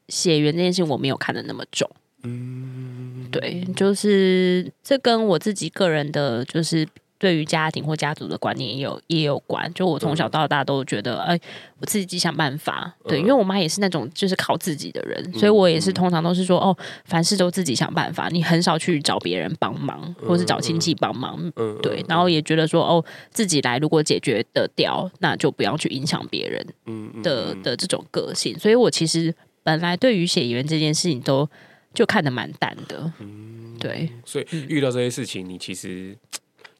血緣這件事我沒有看得那麼重，嗯，對，就是這跟我自己個人的，就是對於家庭或家族的觀念也有也有關。就我從小到大都覺得，哎、嗯欸，我自己想辦法。嗯、對，因為我媽也是那種就是靠自己的人，所以我也是通常都是說，哦，凡事都自己想辦法，你很少去找別人幫忙，或是找親戚幫忙，嗯、對。然後也覺得說，哦，自己來如果解決得掉，那就不要去影響別人的，嗯嗯嗯、的的這種個性。所以我其實。本來對於寫遺言這件事情都就看得蠻淡的，嗯，對。所以遇到這些事情，你其實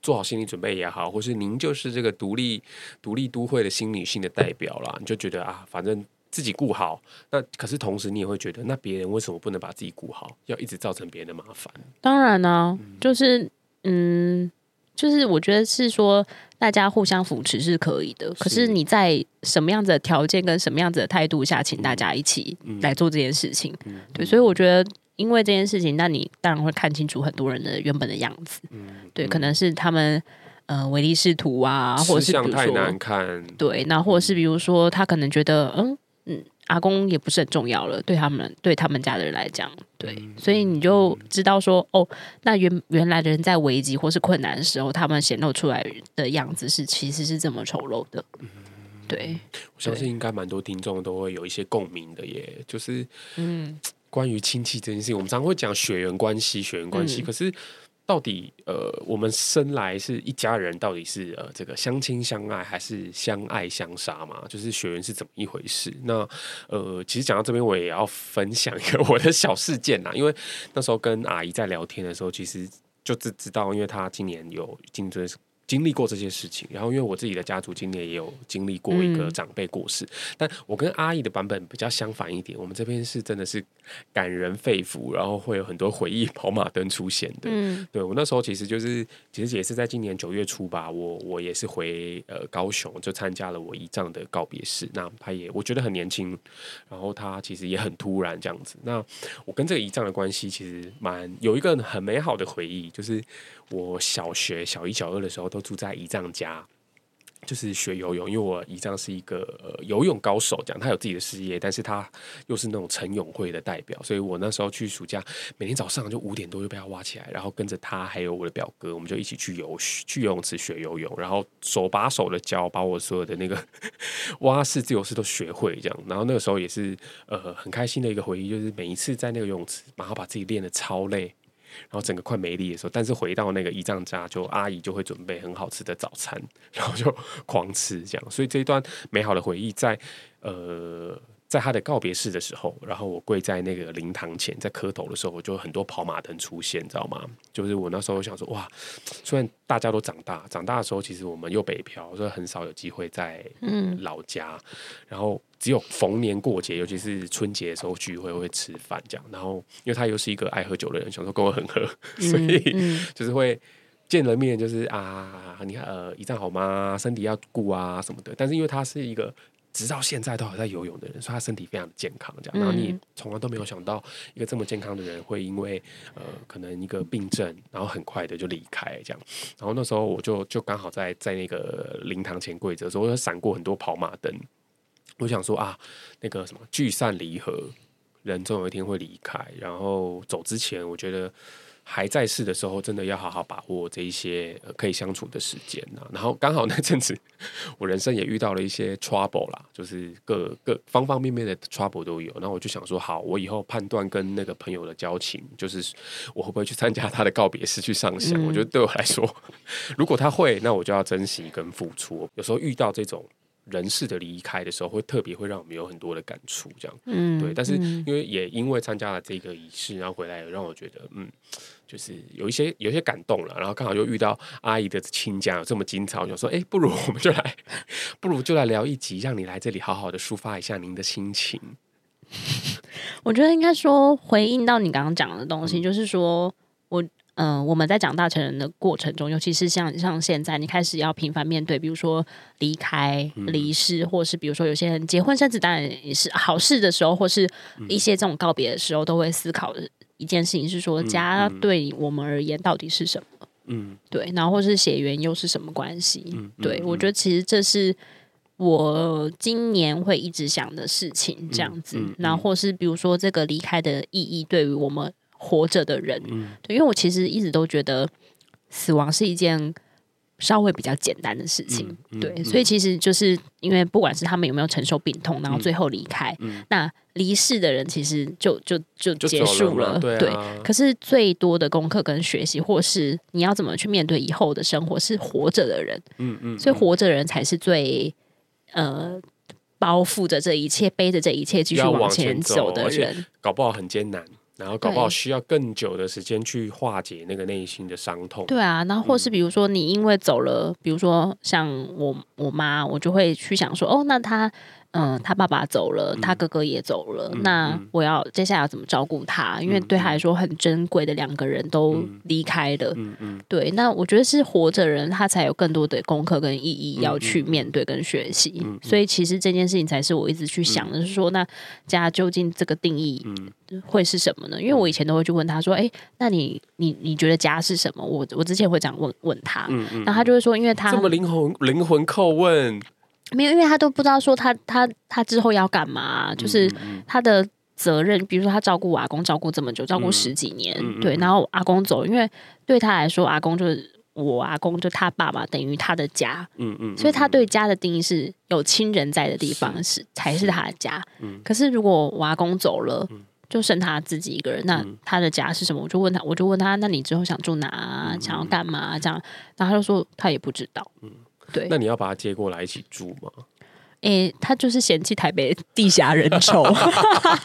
做好心理準備也好，或是您就是這個獨立獨立都會的新女性的代表啦，嗯、你就覺得啊，反正自己顧好。那可是同時你也會覺得，那別人為什麼不能把自己顧好，要一直造成別人的麻煩？當然呢、啊，嗯、就是嗯。就是我覺得是說，大家互相扶持是可以的。是可是你在什麼樣子的條件跟什麼樣子的態度下，請大家一起來做這件事情？嗯嗯、對，所以我覺得，因為這件事情，那你當然會看清楚很多人的原本的樣子。嗯、對，可能是他們呃唯利是圖啊，或是，是太難看。對，那或者是比如說，他可能覺得嗯嗯。嗯阿公也不是很重要了，對他們對他們家的人來講，對，嗯、所以你就知道說，嗯、哦，那原原來的人在危機或是困難的時候，他們顯露出來的樣子是其實是這麼醜陋的，嗯、對。我相信應該蠻多聽眾都會有一些共鳴的耶，就是，嗯、關於親戚這件事情，我們常會講血緣關係、血緣關係，嗯、可是，到底呃，我們生來是一家人，到底是呃這個相親相愛，還是相愛相殺嘛？就是血緣是怎麼一回事？那呃，其實講到這邊，我也要分享一個我的小事件啦、啊，因為那時候跟阿姨在聊天的時候，其實就只知道，因為她今年有頸椎。經歷過這些事情，然後因為我自己的家族今年也有經歷過一個長輩過世，嗯、但我跟阿姨的版本比較相反一點，我們這邊是真的是感人肺腑，然後會有很多回憶跑馬燈出現的。嗯、對我那時候其實就是其實也是在今年九月初吧，我我也是回呃高雄就參加了我姨丈的告別式。那他也我覺得很年輕，然後他其實也很突然這樣子。那我跟這個姨丈的關係其實蠻有一個很美好的回憶，就是。我小學小一、小二的時候都住在姨丈家，就是學游泳，因為我姨丈是一個、呃、游泳高手，講他有自己的事業，但是他又是那種晨泳會的代表，所以我那時候去暑假，每天早上就五點多就被他挖起來，然後跟着他還有我的表哥，我們就一起去游去游泳池學游泳，然後手把手的教，把我所有的那個蛙式、自由式都學會，這樣。然後那個時候也是呃很開心的一個回憶，就是每一次在那個游泳池，然後把自己練得超累。然後整個快沒力的時候，但是回到那個姨丈家，就阿姨就會準備很好吃的早餐，然後就狂吃這樣。所以這一段美好的回憶在呃。在他的告別式的時候，然後我跪在那個靈堂前在磕頭的時候，我就很多跑馬燈出現，知道嗎？就是我那時候想說，哇，雖然大家都長大，長大的時候其實我們又北漂，所以很少有機會在嗯老家，嗯、然後只有逢年過節，尤其是春節的時候聚會會吃飯這樣，然後因為他又是一個愛喝酒的人，想說跟我很喝，所以就是會見了面就是啊，你看，呃，姨丈好嗎？身體要顧啊什麼的，但是因為他是一個。直到現在都還在游泳的人，所以他身體非常的健康，這樣。然後你從來都沒有想到一個這麼健康的人會因為呃，可能一個病症，然後很快的就離開，這樣。然後那時候我就就剛好在在那個靈堂前跪着的時候，我有閃過很多跑馬燈。我想說啊，那個什麼聚散離合，人總有一天會離開。然後走之前，我覺得。還在世的時候，真的要好好把握這一些可以相處的時間啊。然後剛好那陣子，我人生也遇到了一些 trouble 啦，就是各各方方面面的 trouble 都有。然後我就想說，好，我以後判斷跟那個朋友的交情，就是我會不會去參加他的告別式去上香。嗯、我覺得對我來說，如果他會，那我就要珍惜跟付出。有時候遇到這種。人事的離開的時候，會特別會讓我們有很多的感觸，這樣，嗯，對。但是因為也因為參加了這個儀式，然後回來也讓我覺得，嗯，就是有一些有一些感動了。然後剛好又遇到阿姨的親家，這麼精彩，就說，哎、欸，不如我們就來，不如就來聊一集，讓你來這裡好好的抒發一下您的心情。我覺得應該說回應到你剛剛講的東西，就是說。嗯，我們在長大成人的過程中，尤其是像像現在，你開始要頻繁面對，比如說離開、離世，嗯、或是比如說有些人結婚生子，當然也是好事的時候，或是一些這種告別的時候，都會思考一件事情：是說家對我們而言到底是什麼？嗯，嗯對，然後或是血緣又是什麼關係？嗯？嗯，對，我覺得其實這是我今年會一直想的事情，這樣子，嗯嗯嗯、然後或是比如說這個離開的意義對於我們活着的人，嗯、對，因為我其實一直都覺得死亡是一件稍微比較簡單的事情，嗯嗯、對，所以其實就是因為不管是他們有沒有承受病痛，然後最後離開，嗯嗯、那離世的人其實就就就結束了，了了對啊、對。可是最多的功課跟學習，或是你要怎麼去面對以後的生活，是活着的人，嗯嗯，嗯所以活着的人才是最、嗯、呃包覆着這一切，背着這一切繼續往前走的人，搞不好很艱難。然後搞不好需要更久的時間去化解那個內心的傷痛。對啊，然後或是比如說你因為走了，嗯、比如說像我我媽，我就會去想說，哦，那他。嗯，他爸爸走了，他哥哥也走了。嗯、那我要接下來要怎麼照顧他？嗯、因為對他來說很珍貴的兩個人都離開了。嗯嗯嗯、對。那我覺得是活着人，他才有更多的功課跟意義要去面對跟學習。嗯嗯嗯、所以其實這件事情才是我一直去想的，是說那家究竟這個定義會是什麼呢？因為我以前都會去問他說：“哎、欸，那你你你覺得家是什麼？”我我之前會這樣問問他，嗯，嗯然後他就會說：“因為他這麼靈魂靈魂叩問。”沒有，因為他都不知道說他他他之後要幹嘛、啊，就是他的責任，比如說他照顧我阿公，照顧這麼久，照顧十幾年，嗯嗯嗯、對，然後阿公走，因為對他來說，阿公就是我阿公，就他爸爸，等於他的家，嗯，嗯所以他對家的定義是有親人在的地方是，是才是他的家，是是嗯、可是如果我阿公走了，就剩他自己一個人，那他的家是什麼？我就問他，我就問他，那你之後想住哪？想要幹嘛？這樣，然後他就說他也不知道。對，那你要把他接過來一起住嗎？誒、欸，他就是嫌棄台北地狹人稠。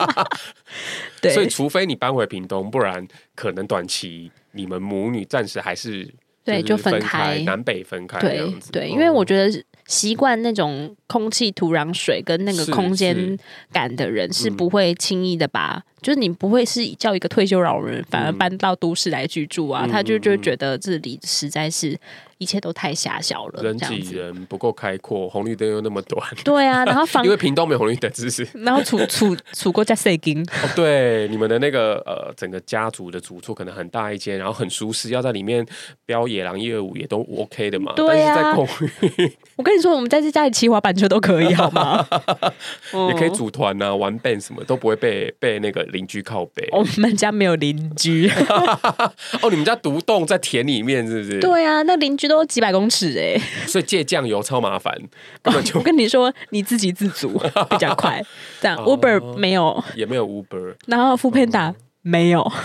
對，所以除非你搬回屏東，不然可能短期你們母女暫時還是，是對，就分開南北分開這樣子。對對，對嗯、因為我覺得習慣那種空氣、土壤、水跟那個空間感的人，是不會輕易的把。就是你不會是叫一個退休老人，反而搬到都市來居住啊？嗯、他就就覺得這裡實在是一切都太狹小了，人擠人不夠開闊，紅綠燈又那麼短。對啊，然後房 因為屏東沒有紅綠燈，只是，不是然後處處處過家塞金。對，你們的那個呃，整個家族的主厝可能很大一間，然後很舒適，要在裡面飆野狼一二五也都 OK 的嘛。對啊，但是在公寓，我跟你說，我們在在家裡騎滑板車都可以，好嗎？ 嗯、也可以組團啊，玩 band 什麼都不會被被那個。鄰居靠北、哦，我們家沒有鄰居。 哦，你們家獨棟在田裡面是不是？對啊，那鄰居都幾百公尺哎、欸， 所以借醬油超麻煩。根本就、哦、我跟你說，你自給自足比較快。 這樣、哦，Uber 沒有，也沒有 Uber。然後 Foodpanda 沒有。嗯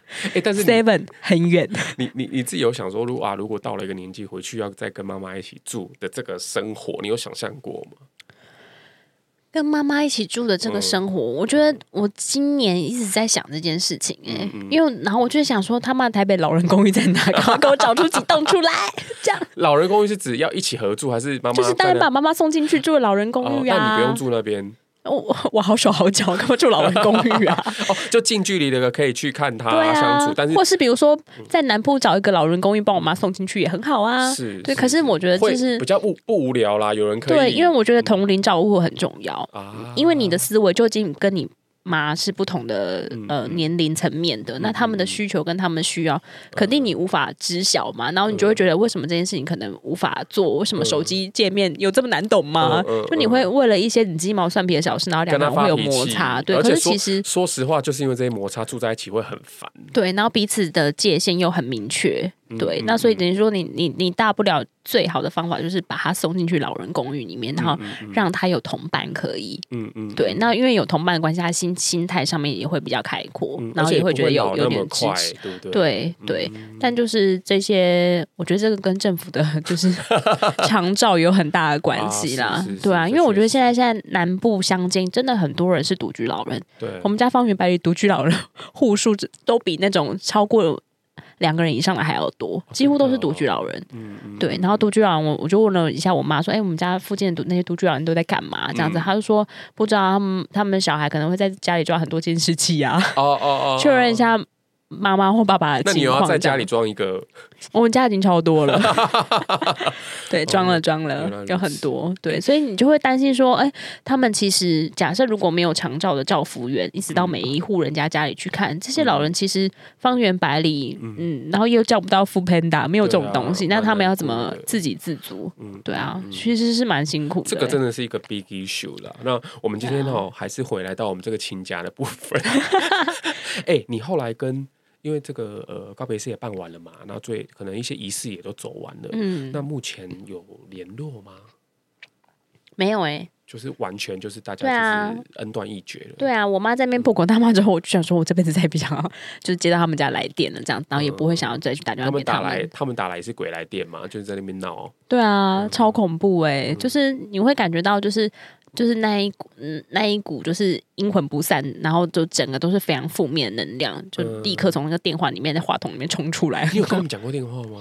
欸、但是 Seven 很遠。你你你自己有想說，如果啊，如果到了一個年紀，回去要再跟媽媽一起住的這個生活，你有想象過嗎？跟媽媽一起住的這個生活，嗯、我覺得我今年一直在想這件事情、欸嗯嗯、因為然後我就想說，他媽台北老人公寓在哪個？然後給我找出幾棟出來， 這樣。老人公寓是指要一起合住還是媽媽？就是當然把媽媽送進去住的老人公寓啊、哦，但你不用住那邊。我我好手好腳幹嘛住老人公寓啊？ 哦，就近距離的可以去看他，啊對，啊，相處，但是或是比如說在南部找一個老人公寓，幫我媽送進去也很好啊。是，是，對，可是我覺得就是比較不不無聊啦，有人可以，對因為我覺得同齡照顧很重要，嗯，啊，因為你的思維就已經跟你。媽是不同的呃、嗯、年齡層面的，嗯、那他們的需求跟他們需要肯定你無法知曉嘛，嗯、然後你就會覺得為什麼這件事情可能無法做？為、嗯、什麼手機界面有這麼難懂嗎？嗯嗯、就你會為了一些你雞毛蒜皮的小事，然後兩個人會有摩擦，對，對。可是其實說實話，就是因為這些摩擦住在一起會很煩。對，然後彼此的界限又很明確。對，那所以等於說你，你你你大不了最好的方法就是把他送進去老人公寓裡面，然後讓他有同伴可以，嗯嗯，嗯嗯對。那因為有同伴的關係，他心心態上面也會比較開闊，嗯、然後也會覺得有快有點支持，對，對對。嗯、對對但就是這些，我覺得這個跟政府的就是長照有很大的關係啦，對啊。是是是是因為我覺得現在現在南部鄉間真的很多人是獨居老人，對，我們家方圓百里獨居老人戶數都比那種超過。兩個人以上的還要多，幾乎都是獨居老人。嗯、對。嗯、然後獨居老人，我我就問了一下我媽，說：“嗯、哎，我們家附近的那些獨居老人都在幹嘛？”這樣子，嗯、她就說不知道，他們他們小孩可能會在家裡裝很多監視器啊。哦哦哦，哦哦確認一下。媽媽或爸爸，那你有要在家裡裝一個？我們家已經超多了， 對，裝了裝了，有哇很多。對，所以你就會擔心說，哎、欸，他們其實假設如果沒有長照的照服員，一直到每一戶人家家裡去看這些老人，其實方圓百里，嗯，然後又叫不到 Food Panda，沒有這種東西，那、啊、他們要怎麼自給自足？嗯，對啊，其實是蠻辛苦的。這個真的是一個 big issue 了。那我們今天呢，還是回來到我們這個親家的部分。哎、啊 欸，你後來跟。因為這個呃告別式也辦完了嘛，然後最可能一些儀式也都走完了，嗯，那目前有聯絡嗎？沒有哎、欸，就是完全就是大家就是、啊、恩斷義絕了，對啊，我媽在那邊破口大罵之後，我就想說我這輩子再也不要就是接到他們家來電了這樣，然後也不會想要再去打電話、嗯、他們打來，他們打來也是鬼來電嘛，就是在那邊鬧、哦，對啊，嗯、超恐怖哎、欸，就是你會感覺到就是。就是那一股，那一股就是陰魂不散，然後就整個都是非常負面能量，就立刻從那個電話裡面、在話筒裡面衝出來、嗯。你有跟我們講過電話嗎？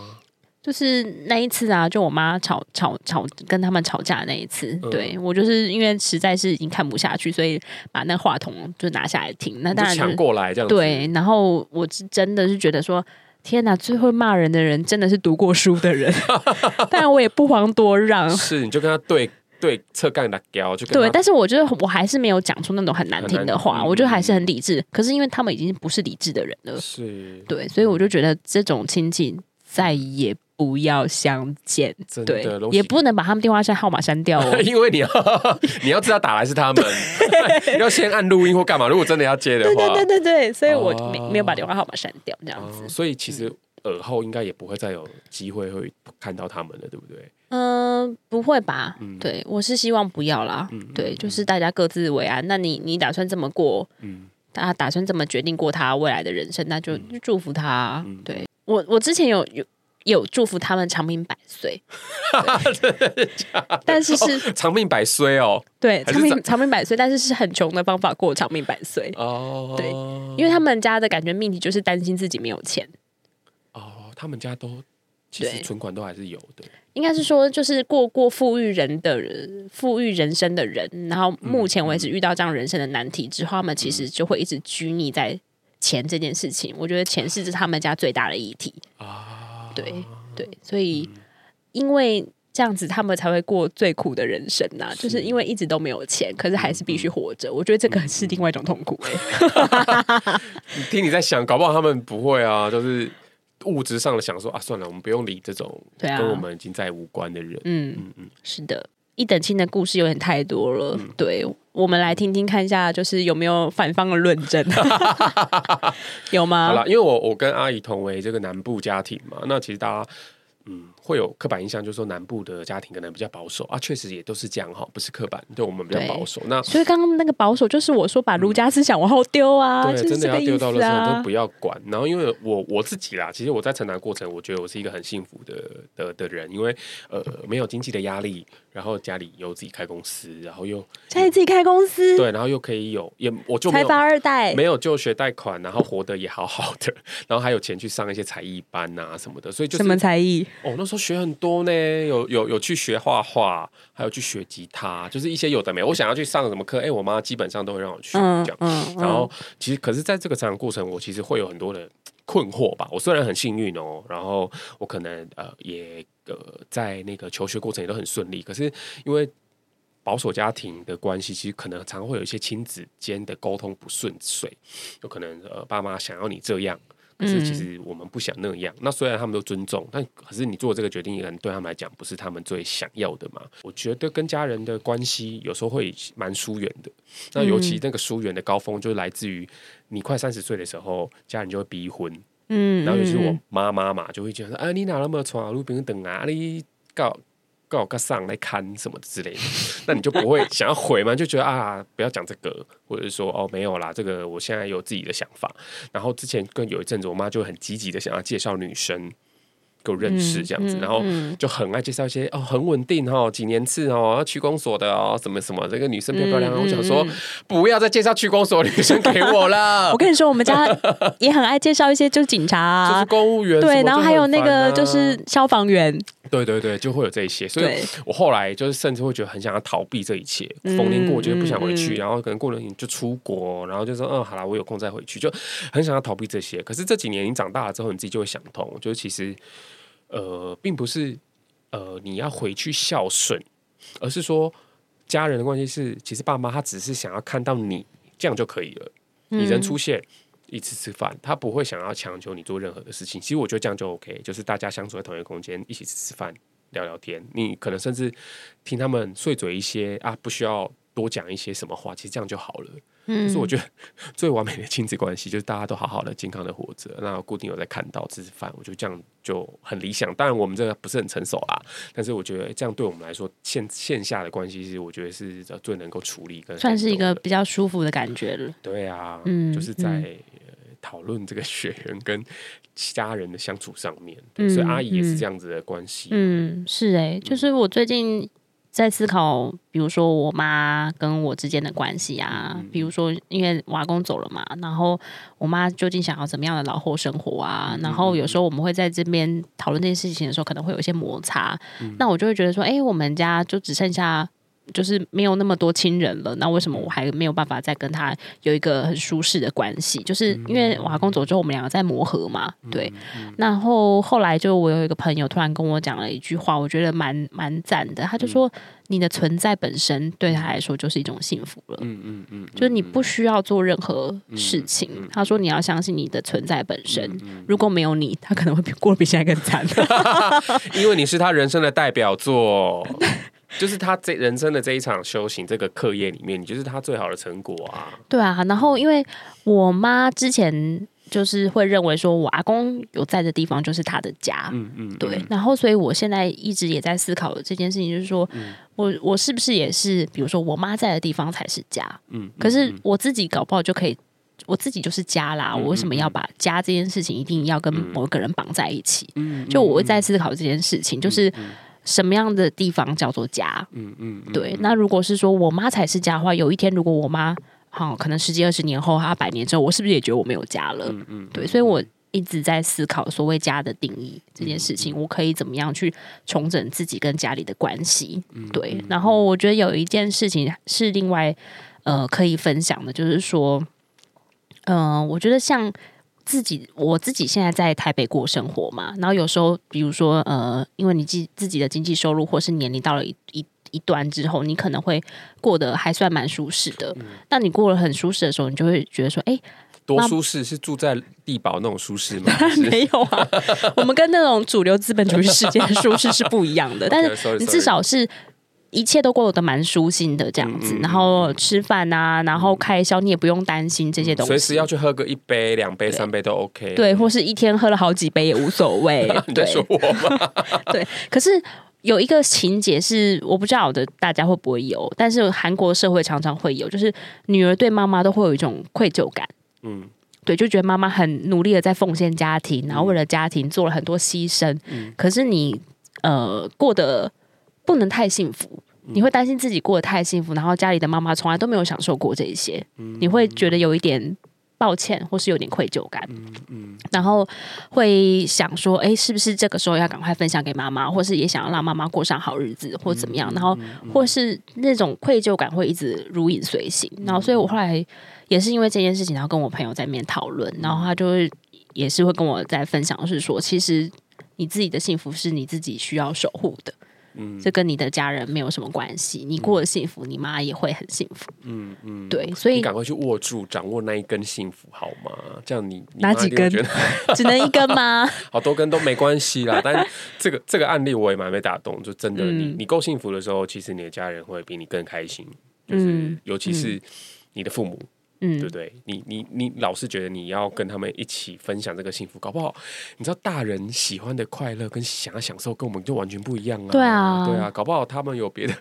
就是那一次啊，就我媽吵吵吵跟他們吵架那一次，嗯、對，我就是因為實在是已經看不下去，所以把那話筒就拿下來聽，那當然搶過來這樣。對，然後我是真的是覺得說，天哪，最會罵人的人真的是讀過書的人， 但我也不遑多讓。是，你就跟他對。對，側干的掉就。對，但是我覺得我還是沒有講出那種很難聽的話，嗯、我覺得還是很理智。可是因為他們已經不是理智的人了，是，對，所以我就覺得這種親戚再也不要相見，真的對，也不能把他們電話號碼刪掉、哦、因為你要 你要知道打來是他們， 對 你要先按錄音或幹嘛。如果真的要接的話，對對對對對，所以我、啊、沒沒有把電話號碼刪掉，這樣子、啊。所以其實爾後應該也不會再有機會會看到他們了，對不對？嗯，不會吧？對，我是希望不要啦。對，就是大家各自為安。那你你打算怎麼過？嗯，他打算怎麼決定過他未來的人生，那就祝福他。對，我我之前有有有祝福他們長命百歲，但是是長命百歲哦，對，長命長命百歲，但是是很窮的方法過長命百歲哦。對，因為他們家的感覺命題就是擔心自己沒有錢。哦，他們家都。其實存款都還是有的，應該是說，就是過過富裕人的人、嗯、富裕人生的人，然後目前為止遇到這樣人生的難題，之後，嗯、他們其實就會一直拘泥在錢這件事情。嗯、我覺得錢是是他們家最大的議題啊，唉對對，所以因為這樣子，他們才會過最苦的人生吶、啊，是就是因為一直都沒有錢，可是還是必須活着。嗯、我覺得這個是另外一種痛苦、欸、 你聽你在想，搞不好他們不會啊，就是。物質上的想說啊，算了，我們不用理這種跟我們已經再無關的人。嗯嗯、啊，嗯，嗯是的，一等親的故事有點太多了。嗯、對，我們來聽聽看一下，就是有沒有反方的論證？ 有嗎？好啦，因為我我跟阿姨同為這個南部家庭嘛，那其實大家嗯。會有刻板印象，就是說南部的家庭可能比較保守啊，確實也都是這樣哈，不是刻板，對我們比較保守。對那所以剛剛那個保守，就是我說把儒家思想往後丟啊，嗯、對，真的要丟到的時候、啊、都不要管。然後因為我我自己啦，其實我在成長過程，我覺得我是一個很幸福的的的人，因為呃沒有經濟的壓力，然後家裡有自己開公司，然後又家裡自己開公司、嗯，對，然後又可以有也我就財閥二代沒有就學貸款，然後活得也好好的，然後還有錢去上一些才藝班啊什麼的，所以就是、什麼才藝哦那時候。學很多呢，有有有去學畫畫，還有去學吉他，就是一些有的沒有。我想要去上什麼課，哎，欸，我媽基本上都會讓我去這樣。嗯嗯，然後其實可是在這個成長過程，我其實會有很多的困惑吧。我雖然很幸運哦，然後我可能呃也呃在那個求學過程也都很順利，可是因為保守家庭的關係，其實可能常會有一些親子間的溝通不順遂，有可能呃爸媽想要你這樣。可是，其實我們不想那樣。嗯、那雖然他們都尊重，但可是你做這個決定，也可能對他們來講，不是他們最想要的嘛。我覺得跟家人的關係有時候會蠻疏遠的。嗯、那尤其那個疏遠的高峰，就是來自於你快三十歲的時候，家人就會逼婚。嗯，嗯，嗯，然後就是我媽媽嘛，就會講說：“哎，你哪那麼吵，路邊等啊，你告。”我跟上來看什麼之類的， 那你就不會想要回嘛？就覺得啊，不要講這個，或者是說哦，沒有啦，這個我現在有自己的想法。然後之前跟有一陣子，我媽就很積極的想要介紹女生。夠認識這樣子，嗯嗯嗯、然後就很愛介紹一些哦，很穩定哦，幾年次哦，區公所的哦，什麼什麼，這個女生漂漂亮亮。嗯嗯、我想說，不要再介紹區公所的女生給我了。 我跟你說，我們家也很愛介紹一些，就是警察、啊， 就是公務員，對，啊、然後還有那個就是消防員，對對對，就會有這一些。所以我後來就是甚至會覺得很想要逃避這一切，對逢年過節不想回去，嗯、然後可能過了年就出國，然後就說，嗯，好了，我有空再回去，就很想要逃避這些。可是這幾年你長大了之後，你自己就會想通，就是其實。呃，並不是，呃，你要回去孝順，而是說家人的關係是，其實爸媽他只是想要看到你這樣就可以了，你人出現，嗯、一次吃飯，他不會想要強求你做任何的事情。其實我覺得這樣就 OK，就是大家相處在同一個空間，一起吃飯、聊聊天，你可能甚至聽他們碎嘴一些啊，不需要多講一些什麼話，其實這樣就好了。嗯、可是我覺得最完美的親子關係，就是大家都好好的、健康的活着。那固定有在看到吃飯，我就這樣就很理想。當然我們這個不是很成熟啦，但是我覺得這樣對我們來說，現現下的關係是我覺得是最能夠處理跟算是一個比較舒服的感覺了。對啊，嗯，就是在討論、呃、這個血緣跟家人的相處上面，對嗯、所以阿姨也是這樣子的關係。嗯，是哎，就是我最近。在思考，比如說我媽跟我之間的關係啊，嗯、比如說因為阿公走了嘛，然後我媽究竟想要怎麼樣的老後生活啊？嗯、然後有時候我們會在這邊討論這些事情的時候，可能會有一些摩擦。嗯、那我就會覺得說，哎，我們家就只剩下。就是沒有那麼多親人了，那為什麼我還沒有辦法再跟他有一個很舒適的關係？就是因為阿公走之後，我們兩個在磨合嘛。對，嗯嗯嗯、然後後來就我有一個朋友突然跟我講了一句話，我覺得蠻蠻讚的。他就說：“嗯、你的存在本身對他來說就是一種幸福了。嗯”嗯嗯嗯，嗯就是你不需要做任何事情。嗯嗯嗯、他說：“你要相信你的存在本身，嗯嗯嗯、如果沒有你，他可能會過得比現在更慘。 ” 因為你是他人生的代表作。 就是他這人生的這一場修行、這個課業裡面，你就是他最好的成果啊。對啊，然後因為我媽之前就是會認為說，我阿公有在的地方就是他的家，嗯嗯，嗯嗯對。然後，所以我現在一直也在思考的這件事情，就是說、嗯、我我是不是也是，比如說我媽在的地方才是家，嗯，嗯嗯可是我自己搞不好就可以，我自己就是家啦。嗯嗯嗯嗯、我為什麼要把家這件事情一定要跟某個人綁在一起？嗯，嗯嗯嗯就我會在思考這件事情，就是。嗯嗯什麼樣的地方叫做家嗯？嗯嗯，對。那如果是說我媽才是家的話，有一天如果我媽好，哦，可能十幾二十年後，啊，百年之後，我是不是也覺得我沒有家了？嗯嗯，嗯嗯對。所以我一直在思考所謂家的定義這件事情，我可以怎麼樣去重整自己跟家裡的關係？嗯嗯，對。然後我覺得有一件事情是另外呃可以分享的，就是說，嗯、呃，我覺得像。自己，我自己現在在台北過生活嘛，然後有時候，比如說，呃，因為你自自己的經濟收入或是年齡到了一一一段之後，你可能會過得還算蠻舒適的。嗯、但你過得很舒適的時候，你就會覺得說，哎、欸，多舒適？媽是住在地堡那種舒適嗎？ 沒有啊，我們跟那種主流資本主義世界的舒適是不一樣的。 但是 okay, sorry, sorry. 你至少是。一切都過得蠻舒心的這樣子，嗯嗯然後吃飯啊，然後開銷、嗯、你也不用擔心這些東西。隨時要去喝個一杯、兩杯、對三杯都 OK。對，或是一天喝了好幾杯也無所謂。你說我嗎？對。可是有一個情節是我不知道的，大家會不會有？但是韓國社會常常會有，就是女兒對媽媽都會有一種愧疚感。嗯，對，就覺得媽媽很努力的在奉獻家庭，然後為了家庭做了很多犧牲。嗯、可是你呃過得不能太幸福。你會擔心自己過得太幸福，然後家裡的媽媽從來都沒有享受過這一些，你會覺得有一點抱歉，或是有點愧疚感，嗯，嗯然後會想說，哎，是不是這個時候要趕快分享給媽媽，或是也想要讓媽媽過上好日子，或怎麼樣？然後或是那種愧疚感會一直如影隨形。然後，所以我後來也是因為這件事情，然後跟我朋友在那邊討論，然後他就是也是會跟我在分享，是說，其實你自己的幸福是你自己需要守護的。這、嗯、跟你的家人沒有什麼關係，你過得幸福，嗯、你媽也會很幸福。嗯嗯，嗯對，所以你趕快去握住、掌握那一根幸福，好嗎？這樣你哪幾根？覺得只能一根嗎？ 好多根都沒關係啦。 但這個這個案例我也蠻被打動，就真的你，嗯、你你夠幸福的時候，其實你的家人會比你更開心。嗯、就是，尤其是你的父母。嗯嗯嗯，對，對，你你你老是覺得你要跟他們一起分享這個幸福，搞不好你知道大人喜歡的快樂跟想要享受跟我們就完全不一樣啊！對啊，對啊，搞不好他們有別的。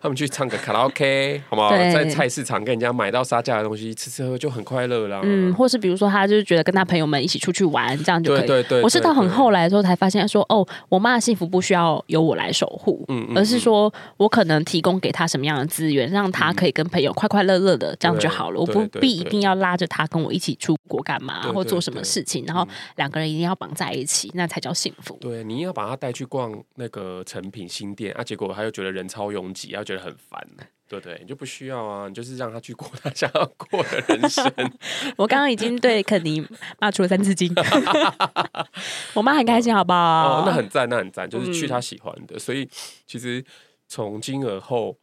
他們去唱個卡拉 OK，好不好？對在菜市場跟人家買到殺價的東西，吃吃喝就很快樂了。嗯，或是比如說，他就是覺得跟他朋友們一起出去玩，這樣就可以。對對對對對，我是到很後來的時候才發現說，說哦，我媽的幸福不需要由我來守護，嗯，嗯，嗯，而是說我可能提供給他什麼樣的資源，讓他可以跟朋友快快樂樂的，嗯、這樣就好了。我不必一定要拉着他跟我一起出國幹嘛，對對對對對，或做什麼事情，然後兩個人一定要綁在一起，那才叫幸福。對，你要把他帶去逛那個誠品新店啊，結果他又覺得人超擁擠。自己要覺得很煩，對不對，對？你就不需要啊，你就是讓他去過他想要過的人生。 我剛剛已經對肯尼罵出了三字經， 我媽很開心，好不好？哦，那很讚，那很讚，就是去他喜歡的。嗯，所以其實從今而後。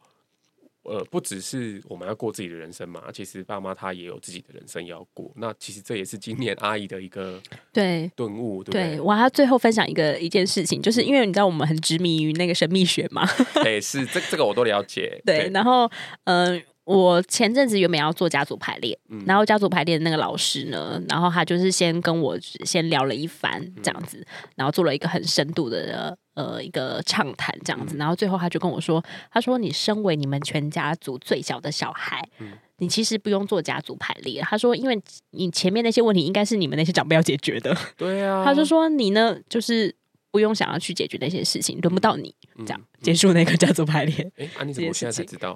呃，不只是我們要過自己的人生嘛，其實爸媽他也有自己的人生要過。那其實這也是今年阿姨的一個對頓悟，對不對？對對，我要最後分享一個一件事情，就是因為你知道我們很執迷於那個神秘學嘛， 對，是這這個我都了解。對，對然後嗯。呃我前陣子原本要做家族排列，嗯、然後家族排列的那個老師呢，然後他就是先跟我先聊了一番這樣子，嗯、然後做了一個很深度的呃一個暢談這樣子，嗯、然後最後他就跟我說，他說你身為你們全家族最小的小孩，嗯、你其實不用做家族排列。他說，因為你前面那些問題應該是你們那些長輩要解決的。對啊。他就說你呢，就是不用想要去解決那些事情，輪不到你、嗯、這樣。結束那個叫做排練。哎，啊你怎麼現在才知道？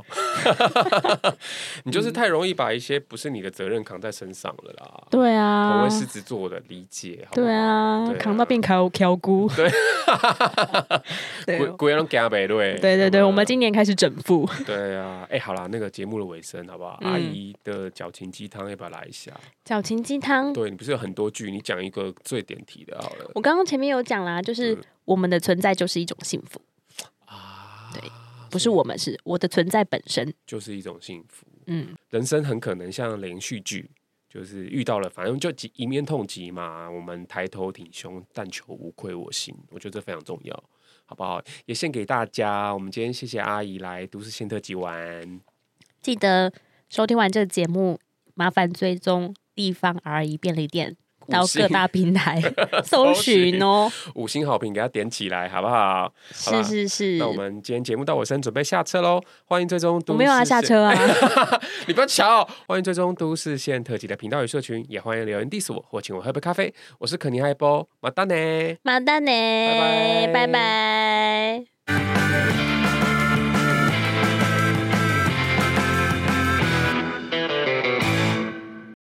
你就是太容易把一些不是你的責任扛在身上了啦。對啊，我們獅子座的理解。對啊，扛到變挑挑骨。對，哈哈哈哈哈對。對對對，我們今年開始整副。對啊，哎，好了，那個節目的尾聲好不好？阿姨的矯情雞湯要不要來一下？矯情雞湯，對，你不是有很多句，你講一個最點題的好了。我剛剛前面有講啦，就是我們的存在就是一種幸福。不是我們，是我的存在本身就是一種幸福。嗯，人生很可能像連續劇，就是遇到了，反正就一面痛擊嘛。我們抬頭挺胸，但求無愧我心。我覺得這非常重要，好不好？也獻給大家。我們今天謝謝阿姨來都急新特輯玩，記得收聽完這個節目，麻煩追蹤地方 R 姨便利店。到各大平台搜尋哦， 搜，五星好評給他點起來，好不好？好，是是是，那我們今天節目到尾聲準備下車嘍，歡迎追蹤。我沒有啊，下車啊！欸、 你不要瞧， 歡迎追蹤都市線特輯的頻道與社群， 也歡迎留言 diss 我或請我喝杯咖啡。我是肯尼、嗨波，馬丹呢？馬丹呢？拜拜 bye。Bye bye